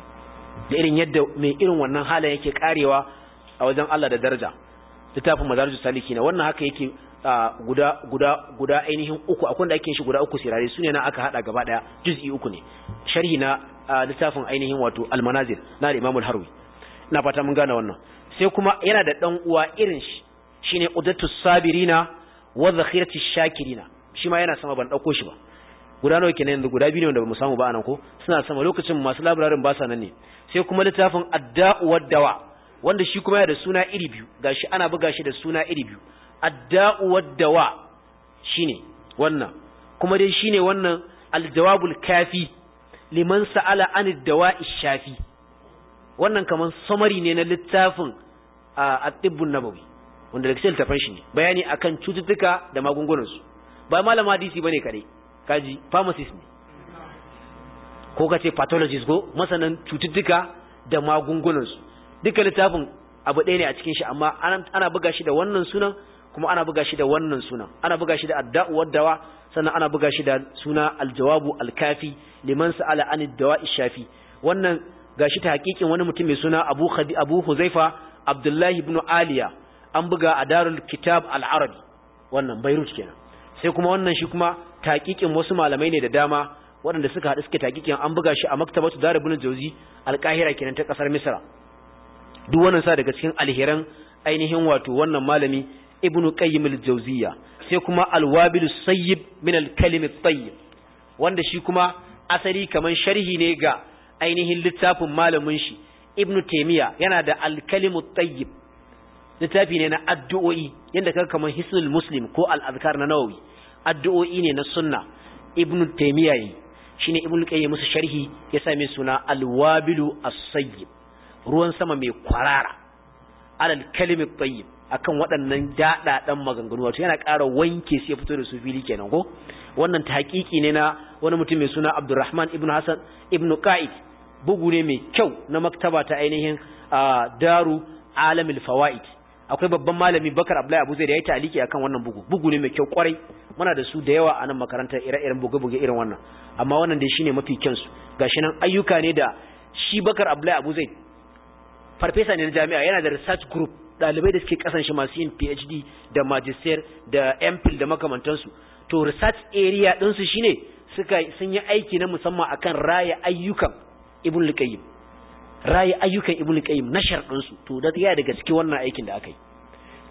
da irin yadda mai irin wannan halin yake karewa a wajen Allah da daraja littafin saliki na. wannan haka yake guda guda guda ainihin uku akwai da ake shi guda uku su ne na aka haɗa gaba daya juz'i uku ne sharhi na littafin ainihin wato Almanazir na da Imamul harwi na fata mun gane wannan sai kuma yana da dan uwa irin shi shine udatus sabirina wa zakhiratu shakirina shi ma yana sama ban dauko shi ba guda nawa kenan yanzu guda biyu ne wanda bamu samu ba anan ko suna sama lokacin masu labararin ba sa nan ne sai kuma littafin adda'u wad wanda shi kuma yana da suna iri biyu gashi ana buga shi da suna iri biyu adda'u wad shine wannan kuma dai shine wannan aljawabul kafi liman sa'ala anid dawai shafi wannan kaman samari ne na littafin a tibbun nabawi wanda daga littafin shi ne bayani akan cututtuka da magungunansu ba malama hadisi bane kadai kaji pharmacist ne ko kace ce pathologist ko masanan cututtuka da magungunansu duka littafin abu ɗaya ne a cikin shi amma ana buga shi da wannan sunan kuma ana buga shi da wannan sunan ana buga shi da adda'u dawa sannan ana buga shi da suna aljawabu alkafi liman sa'ala anid dawa'i shafi wannan gashi ta hakikin wani mutum mai suna Abu Khadi Abu Huzaifa Abdullahi ibn Aliya an buga a Darul Kitab Al-Arabi wannan Beirut kenan sai kuma wannan shi kuma taqiqin wasu malamai ne da dama waɗanda suka hadu suke taqiqin an buga shi a Maktabatu Darul Ibn Jawzi Al-Qahira kenan ta kasar Misra duk wannan sa daga cikin alheran ainihin wato wannan malami Ibn Qayyim al sai kuma Al-Wabil Sayyib min al-Kalim at-Tayyib wanda shi kuma asali kaman sharhi ne ga ainihin littafin malamin shi Ibn Taymiya yana da alkalimu tayyib littafi ne na addu'o'i yanda kaga kamar hisnul muslim ko Al-Azkar na nawawi addu'o'i ne na sunna ibnu Taymiya yi shine Ibn qayyim musu sharhi ya same suna alwabilu as-sayyib ruwan sama mai kwarara alal kalimi tayyib akan waɗannan daɗaɗan maganganu wato yana ƙara wanke sai fito da su fili kenan ko wannan tahqiqi ne na wani mutum mai suna Abdulrahman ibn Hassan ibn Qa'id bugu ne mai kyau na maktaba ta ainihin Daru Alamil Fawaid akwai babban malami Bakar Abdullahi Abu Zaid ya yi taliki akan wannan bugu bugu ne mai kyau kwarai muna da su da yawa a nan makarantar ire-iren buge-buge irin wannan amma wannan dai shine mafi su gashi nan ayyuka ne da shi Bakar Abdullahi Abu Zaid farfesa ne na jami'a yana da research group Dalibai da suke kasan shi masu yin PhD da magister da MPhil da makamantansu to research area ɗinsu shine suka sun yi aiki na musamman akan raya ayyukan Ibn Luqayyim raya ayyukan Ibn Luqayyim na sharɗinsu to da ya daga cikin wannan aikin da aka yi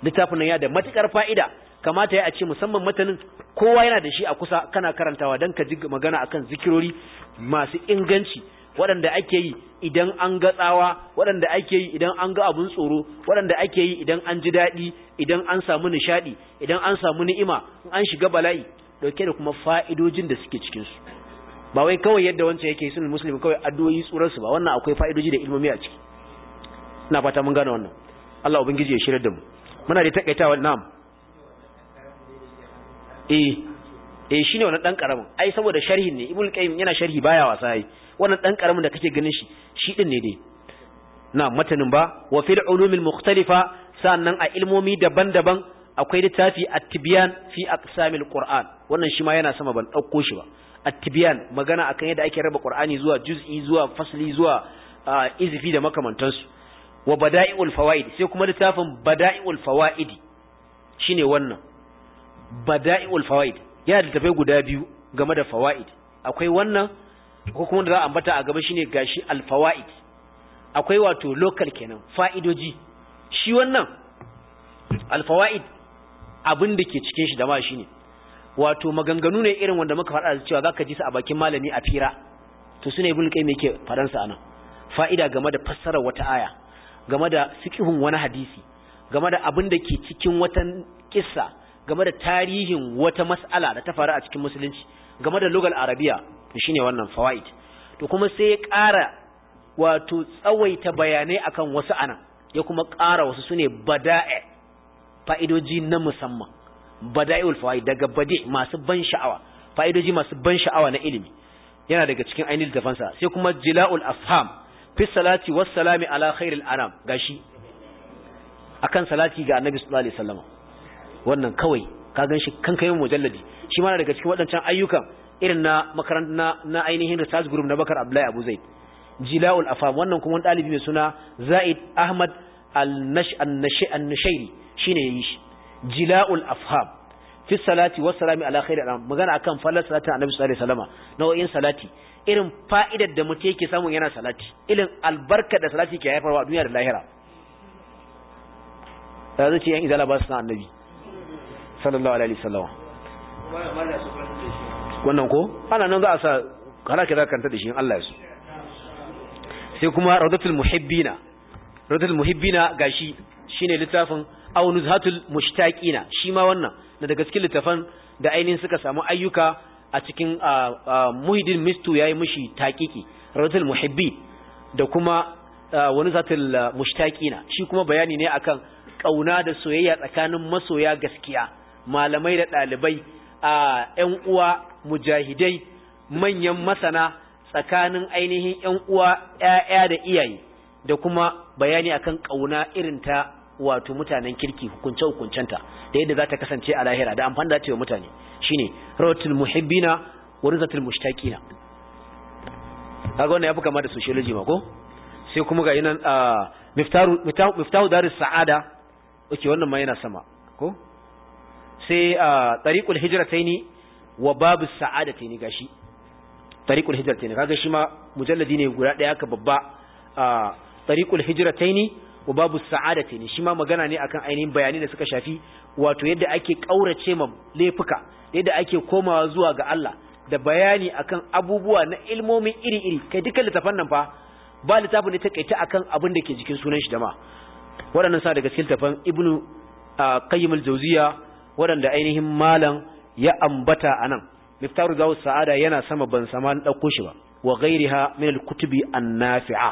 littafin ya da matukar fa'ida kamata ya a ce musamman matanin kowa yana da shi a kusa kana karantawa don ka ji magana akan zikirori masu inganci waɗanda ake yi idan an ga tsawa waɗanda ake yi idan an ga abun tsoro waɗanda ake yi idan an ji daɗi idan an samu nishaɗi idan an samu ni'ima an shiga bala'i dauke da kuma fa'idojin da suke cikinsu ba wai kawai yadda wancan yake sunan musulmi kawai addu'o'i tsurarsu ba wannan akwai fa'idoji da ilmomi a ciki ina fata mun gane wannan Allah ubangiji ya shirar da mu muna da takaitawa na'am eh eh shine wannan dan karamin ai saboda sharhin ne ibnu qayyim yana sharhi baya wasa yi. wannan dan karamin da kake ganin shi shi din ne dai na matanin ba wa fil ulumil mukhtalifa sannan a ilmomi daban-daban akwai littafi at-tibyan fi aqsamil qur'an wannan shi ma yana sama ban dauko shi ba at-tibyan magana akan yadda ake raba qur'ani zuwa juz'i zuwa fasli zuwa izfi da makamantansu wa bada'iul fawaid sai kuma littafin bada'iul fawaid shine wannan bada'iul fawaid yana da tafai guda biyu game da fawaid akwai wannan ko da za a ambata a gaba shine gashi alfawaid akwai wato local kenan fa'idoji shi wannan alfawaid abin da ke cikin shi da ma shine wato maganganu ne irin wanda muka faɗa cewa zaka ji su a bakin malami a fira to sune ibn qayyim yake faɗan sa anan fa'ida game da fassarar wata aya game da fiqhun wani hadisi game da abin da ke cikin watan kissa game da tarihin wata mas'ala da ta faru a cikin musulunci game da lugal arabiya to shine wannan fawaid to kuma sai ya ƙara wato tsawaita bayanai akan wasu anan ya kuma ƙara wasu sune bada'i fa'idoji na musamman bada'iul fawaid daga bade masu ban sha'awa fa'idoji masu ban sha'awa na ilimi yana daga cikin ainihin dafansa sai kuma jila'ul afham fi salati was salami ala khairil anam gashi akan salati ga annabi sallallahu alaihi wasallam wannan kawai ka gan shi kankanin mujalladi shi ma daga cikin waɗancan ayyukan irin na makaranta na ainihin research group na bakar abdullahi abu zaid jila'ul afam wannan kuma wani ɗalibi mai suna zaid ahmad al-nashairi ya yi shi jila'ul afham fi salati wa salami ala khairi alam magana akan falal salati annabi sallallahu alaihi wasallama nau'in salati irin fa'idar da mutum yake samu yana salati irin albarka da salati ke haifarwa a duniya da lahira da zuci yan izala ba su san annabi sallallahu alaihi wasallam wannan ko ana nan za a sa halaka za kanta da shi in Allah ya so sai kuma radatul muhibbina radatul muhibbina gashi shine littafin aw nuzhatul mushtaqina shi ma wannan na daga cikin littafan da ainihin suka samu ayyuka a cikin muhiddin mistu yayi mushi taqiqi radatul muhibbi da kuma wani zatul mushtaqina shi kuma bayani ne akan kauna da soyayya tsakanin masoya gaskiya malamai da ɗalibai a ‘yan uwa mujahidai manyan masana tsakanin ainihin ‘yan uwa ‘ya'ya da iyaye da kuma bayani akan ƙauna irin ta wato mutanen kirki hukunce hukuncenta da yadda za ta kasance a lahira da amfani da ta yi mutane shine rawatul muhibbina wa rizatul mushtaqina kaga wannan yafi kama da sociology ma ko sai kuma ga yinan miftaru miftahu darus sa'ada okay wannan ma yana sama ko sai tariqul taini wa babu taini gashi tariqul taini kaga shi ma mujalladi ne guda ɗaya ka babba tariqul taini wa babu sa'adataini shi ma magana ne akan ainihin bayani da suka shafi wato yadda ake ƙaurace ma laifuka yadda ake komawa zuwa ga Allah da bayani akan abubuwa na ilmomin iri-iri kai dukkan littafan nan fa ba littafin da kaita akan abin da ke jikin sunan shi da ma waɗannan sa daga cikin littafan ibnu qayyim al-jawziya waɗanda ainihin malam ya ambata a nan miftaru zawo sa'ada yana sama ban sama dauko shi ba wa ha, min kutubi an nafi'a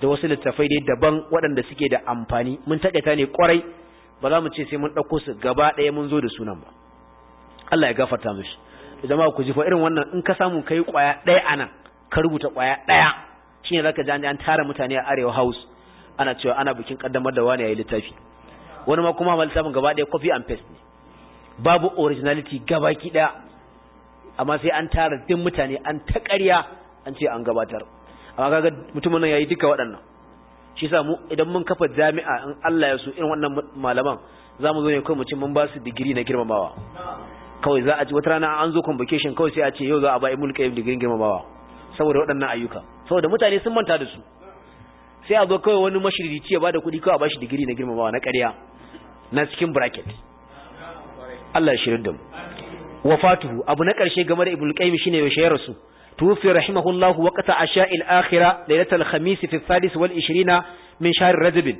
da wasu littafai dai daban waɗanda suke da amfani mun taƙaita ne kwarai, ba za mu ce sai mun ɗauko su gaba ɗaya mun zo da sunan ba Allah ya gafarta mishi jama'a ku ji fa irin wannan in ka samu kai ƙwaya ɗaya anan ka rubuta ƙwaya ɗaya shine zaka ji an tara mutane a Arewa House ana cewa ana bikin kaddamar da wani yayi littafi wani ma kuma ma littafin gaba ɗaya copy and paste ne babu originality gabaki daya amma sai an tara din mutane an ta ƙarya an ce an gabatar amma kaga mutumin nan yayi duka waɗannan shi yasa mu idan mun kafa jami'a in Allah ya so irin wannan malaman zamu zo ne kai mu ce mun ba su digiri na girmamawa kawai za a ji wata rana an zo convocation kawai sai a ce yau za a ba Ibn Qayyim digirin girmamawa saboda waɗannan ayyuka saboda mutane sun manta da su sai a zo kawai wani mashiririci ya bada kuɗi kawai a ba shi digiri na girmamawa na ƙarya na cikin bracket Allah shirin da mu wafatuhu abu na ƙarshe game da ibul qayyim shine ya shayar su tufi rahimahullahu waqta asha al akhira laylatul khamis fi sadis wal 20 min shahr rajab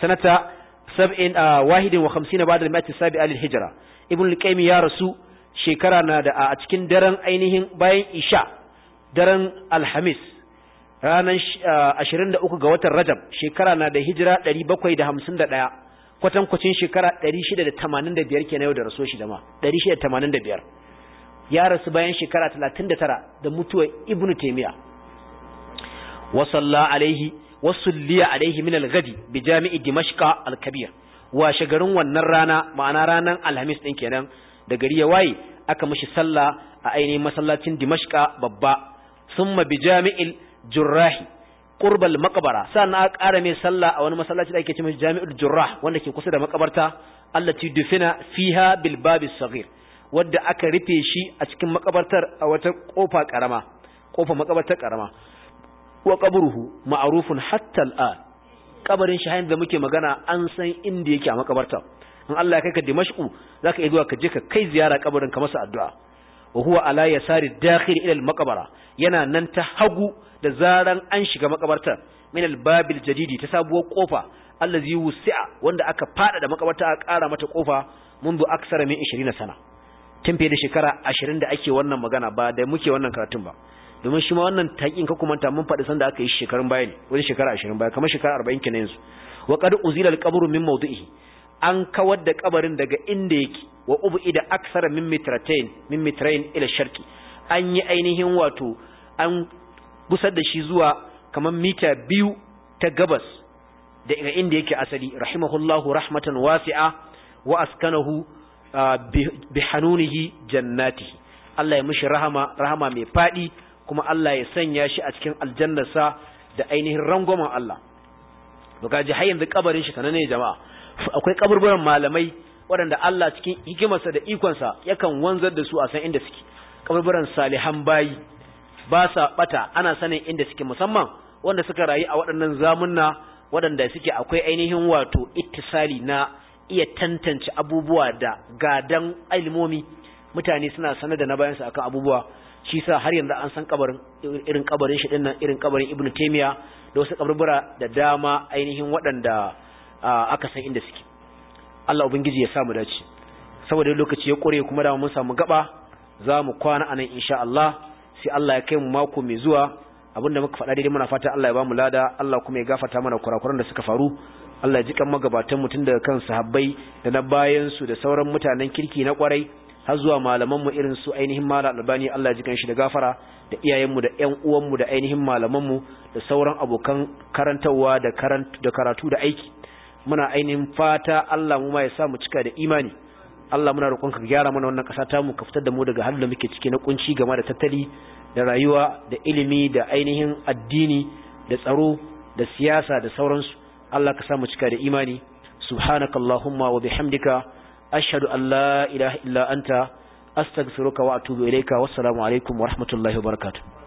sanata 71 ah, ba'da al mi'ati sabi al hijra ibul qayyim ya rasu shekara na da ah, a cikin daren ainihin bayan isha daren al khamis ranar 23 ah, ga watan rajab shekara na da hijira 751 kwatankwacin shekara 685 kenan yau da raso shi jama'a 685 ya rasu bayan shekara 39 da mutuwar ibnu taymiya wa salla alaihi wa sulliya alaihi min al-ghadi bi jami'i dimashqa al-kabir wa shagarin wannan rana ma'ana ranan alhamis din kenan da gari ya waye aka mishi sallah a ainihin masallacin dimashqa babba summa bi jami'il jurrahi qurbal makabara sannan na ƙara mai sallah a wani masallaci da ake cewa Jami'ul Jurrah wanda ke kusa da makabarta allati dufina fiha bil babis saghir wanda aka rufe shi a cikin makabartar a wata kofa karama kofa makabartar karama wa qabruhu ma'rufun hatta al'an kabarin shi da muke magana an san inda yake a makabarta in Allah ya kai ka Dimashku zaka iya zuwa ka je ka kai ziyara kabarin ka masa addu'a wa huwa ala yasari dakhil ila al-maqbara yana nan ta hagu da zaran an shiga makabartar min al-babil jadidi ta sabuwar kofa allazi wusi'a wanda aka fada da makabarta a ƙara mata kofa منذ أكثر من 20 سنة tun fiye da shekara ashirin da ake wannan magana ba da muke wannan karatun ba domin shi ma wannan taƙin ka kuma ta mun faɗi sanda aka yi shekarun baya ne wani shekara ashirin baya kamar shekara arba'in kenan yanzu wa qad uzila al-qabru min mawdi'ihi an kawar da kabarin daga inda yake wa ubida aksara min mitratain min mitrain ila sharqi an yi ainihin wato an gusar da shi zuwa kamar mita biyu ta gabas daga inda yake asali rahimahullahu rahmatan wasi'a wa askanahu bi hanunihi jannatihi Allah ya mishi rahama rahama mai fadi kuma Allah ya sanya shi a cikin aljannarsa da ainihin rangwamen Allah to kaji har yanzu kabarin shi sanane jama'a akwai kaburburan malamai waɗanda Allah cikin hikimarsa da ikonsa yakan wanzar da su a san inda suke kaburburan salihan bayi ba sa bata ana sanin inda suke musamman wanda suka rayu a waɗannan zamunna waɗanda suke akwai ainihin wato ittisali na iya tantance abubuwa da gadan ilmomi mutane suna sanar da na su akan abubuwa shi sa har yanzu an san kabarin irin kabarin shi dinnan irin kabarin ibnu taymiya da wasu kaburbura da dama ainihin waɗanda aka san inda suke Allah ubangiji ya sa mu dace saboda lokaci ya kore kuma da mun samu gaba za mu kwana anan insha Allah sai Allah ya kai mu mako mai zuwa abinda muka faɗa daidai muna fata Allah ya bamu lada Allah kuma ya gafarta mana kurakuran da suka faru Allah ya ji kan magabatan mutun daga kan sahabbai da na bayan su da sauran mutanen kirki na kwarai har zuwa malaman mu irin su ainihin malam albani Allah ya ji kan shi da gafara da iyayen mu da ƴan uwan mu da ainihin malaman mu da sauran abokan karantawa da karatu da aiki muna ainihin fata Allah mu ma ya sa mu cika da imani Allah muna roƙon ka gyara mana wannan ƙasa ta mu ka fitar da mu daga halin da muke ciki na kunci game da tattali da rayuwa da ilimi da ainihin addini da tsaro da siyasa da sauransu Allah ka sa cika da imani subhanakallahumma wa bihamdika ashhadu an la ilaha illa anta astaghfiruka wa atubu ilayka wassalamu alaikum wa rahmatullahi wa barakatuh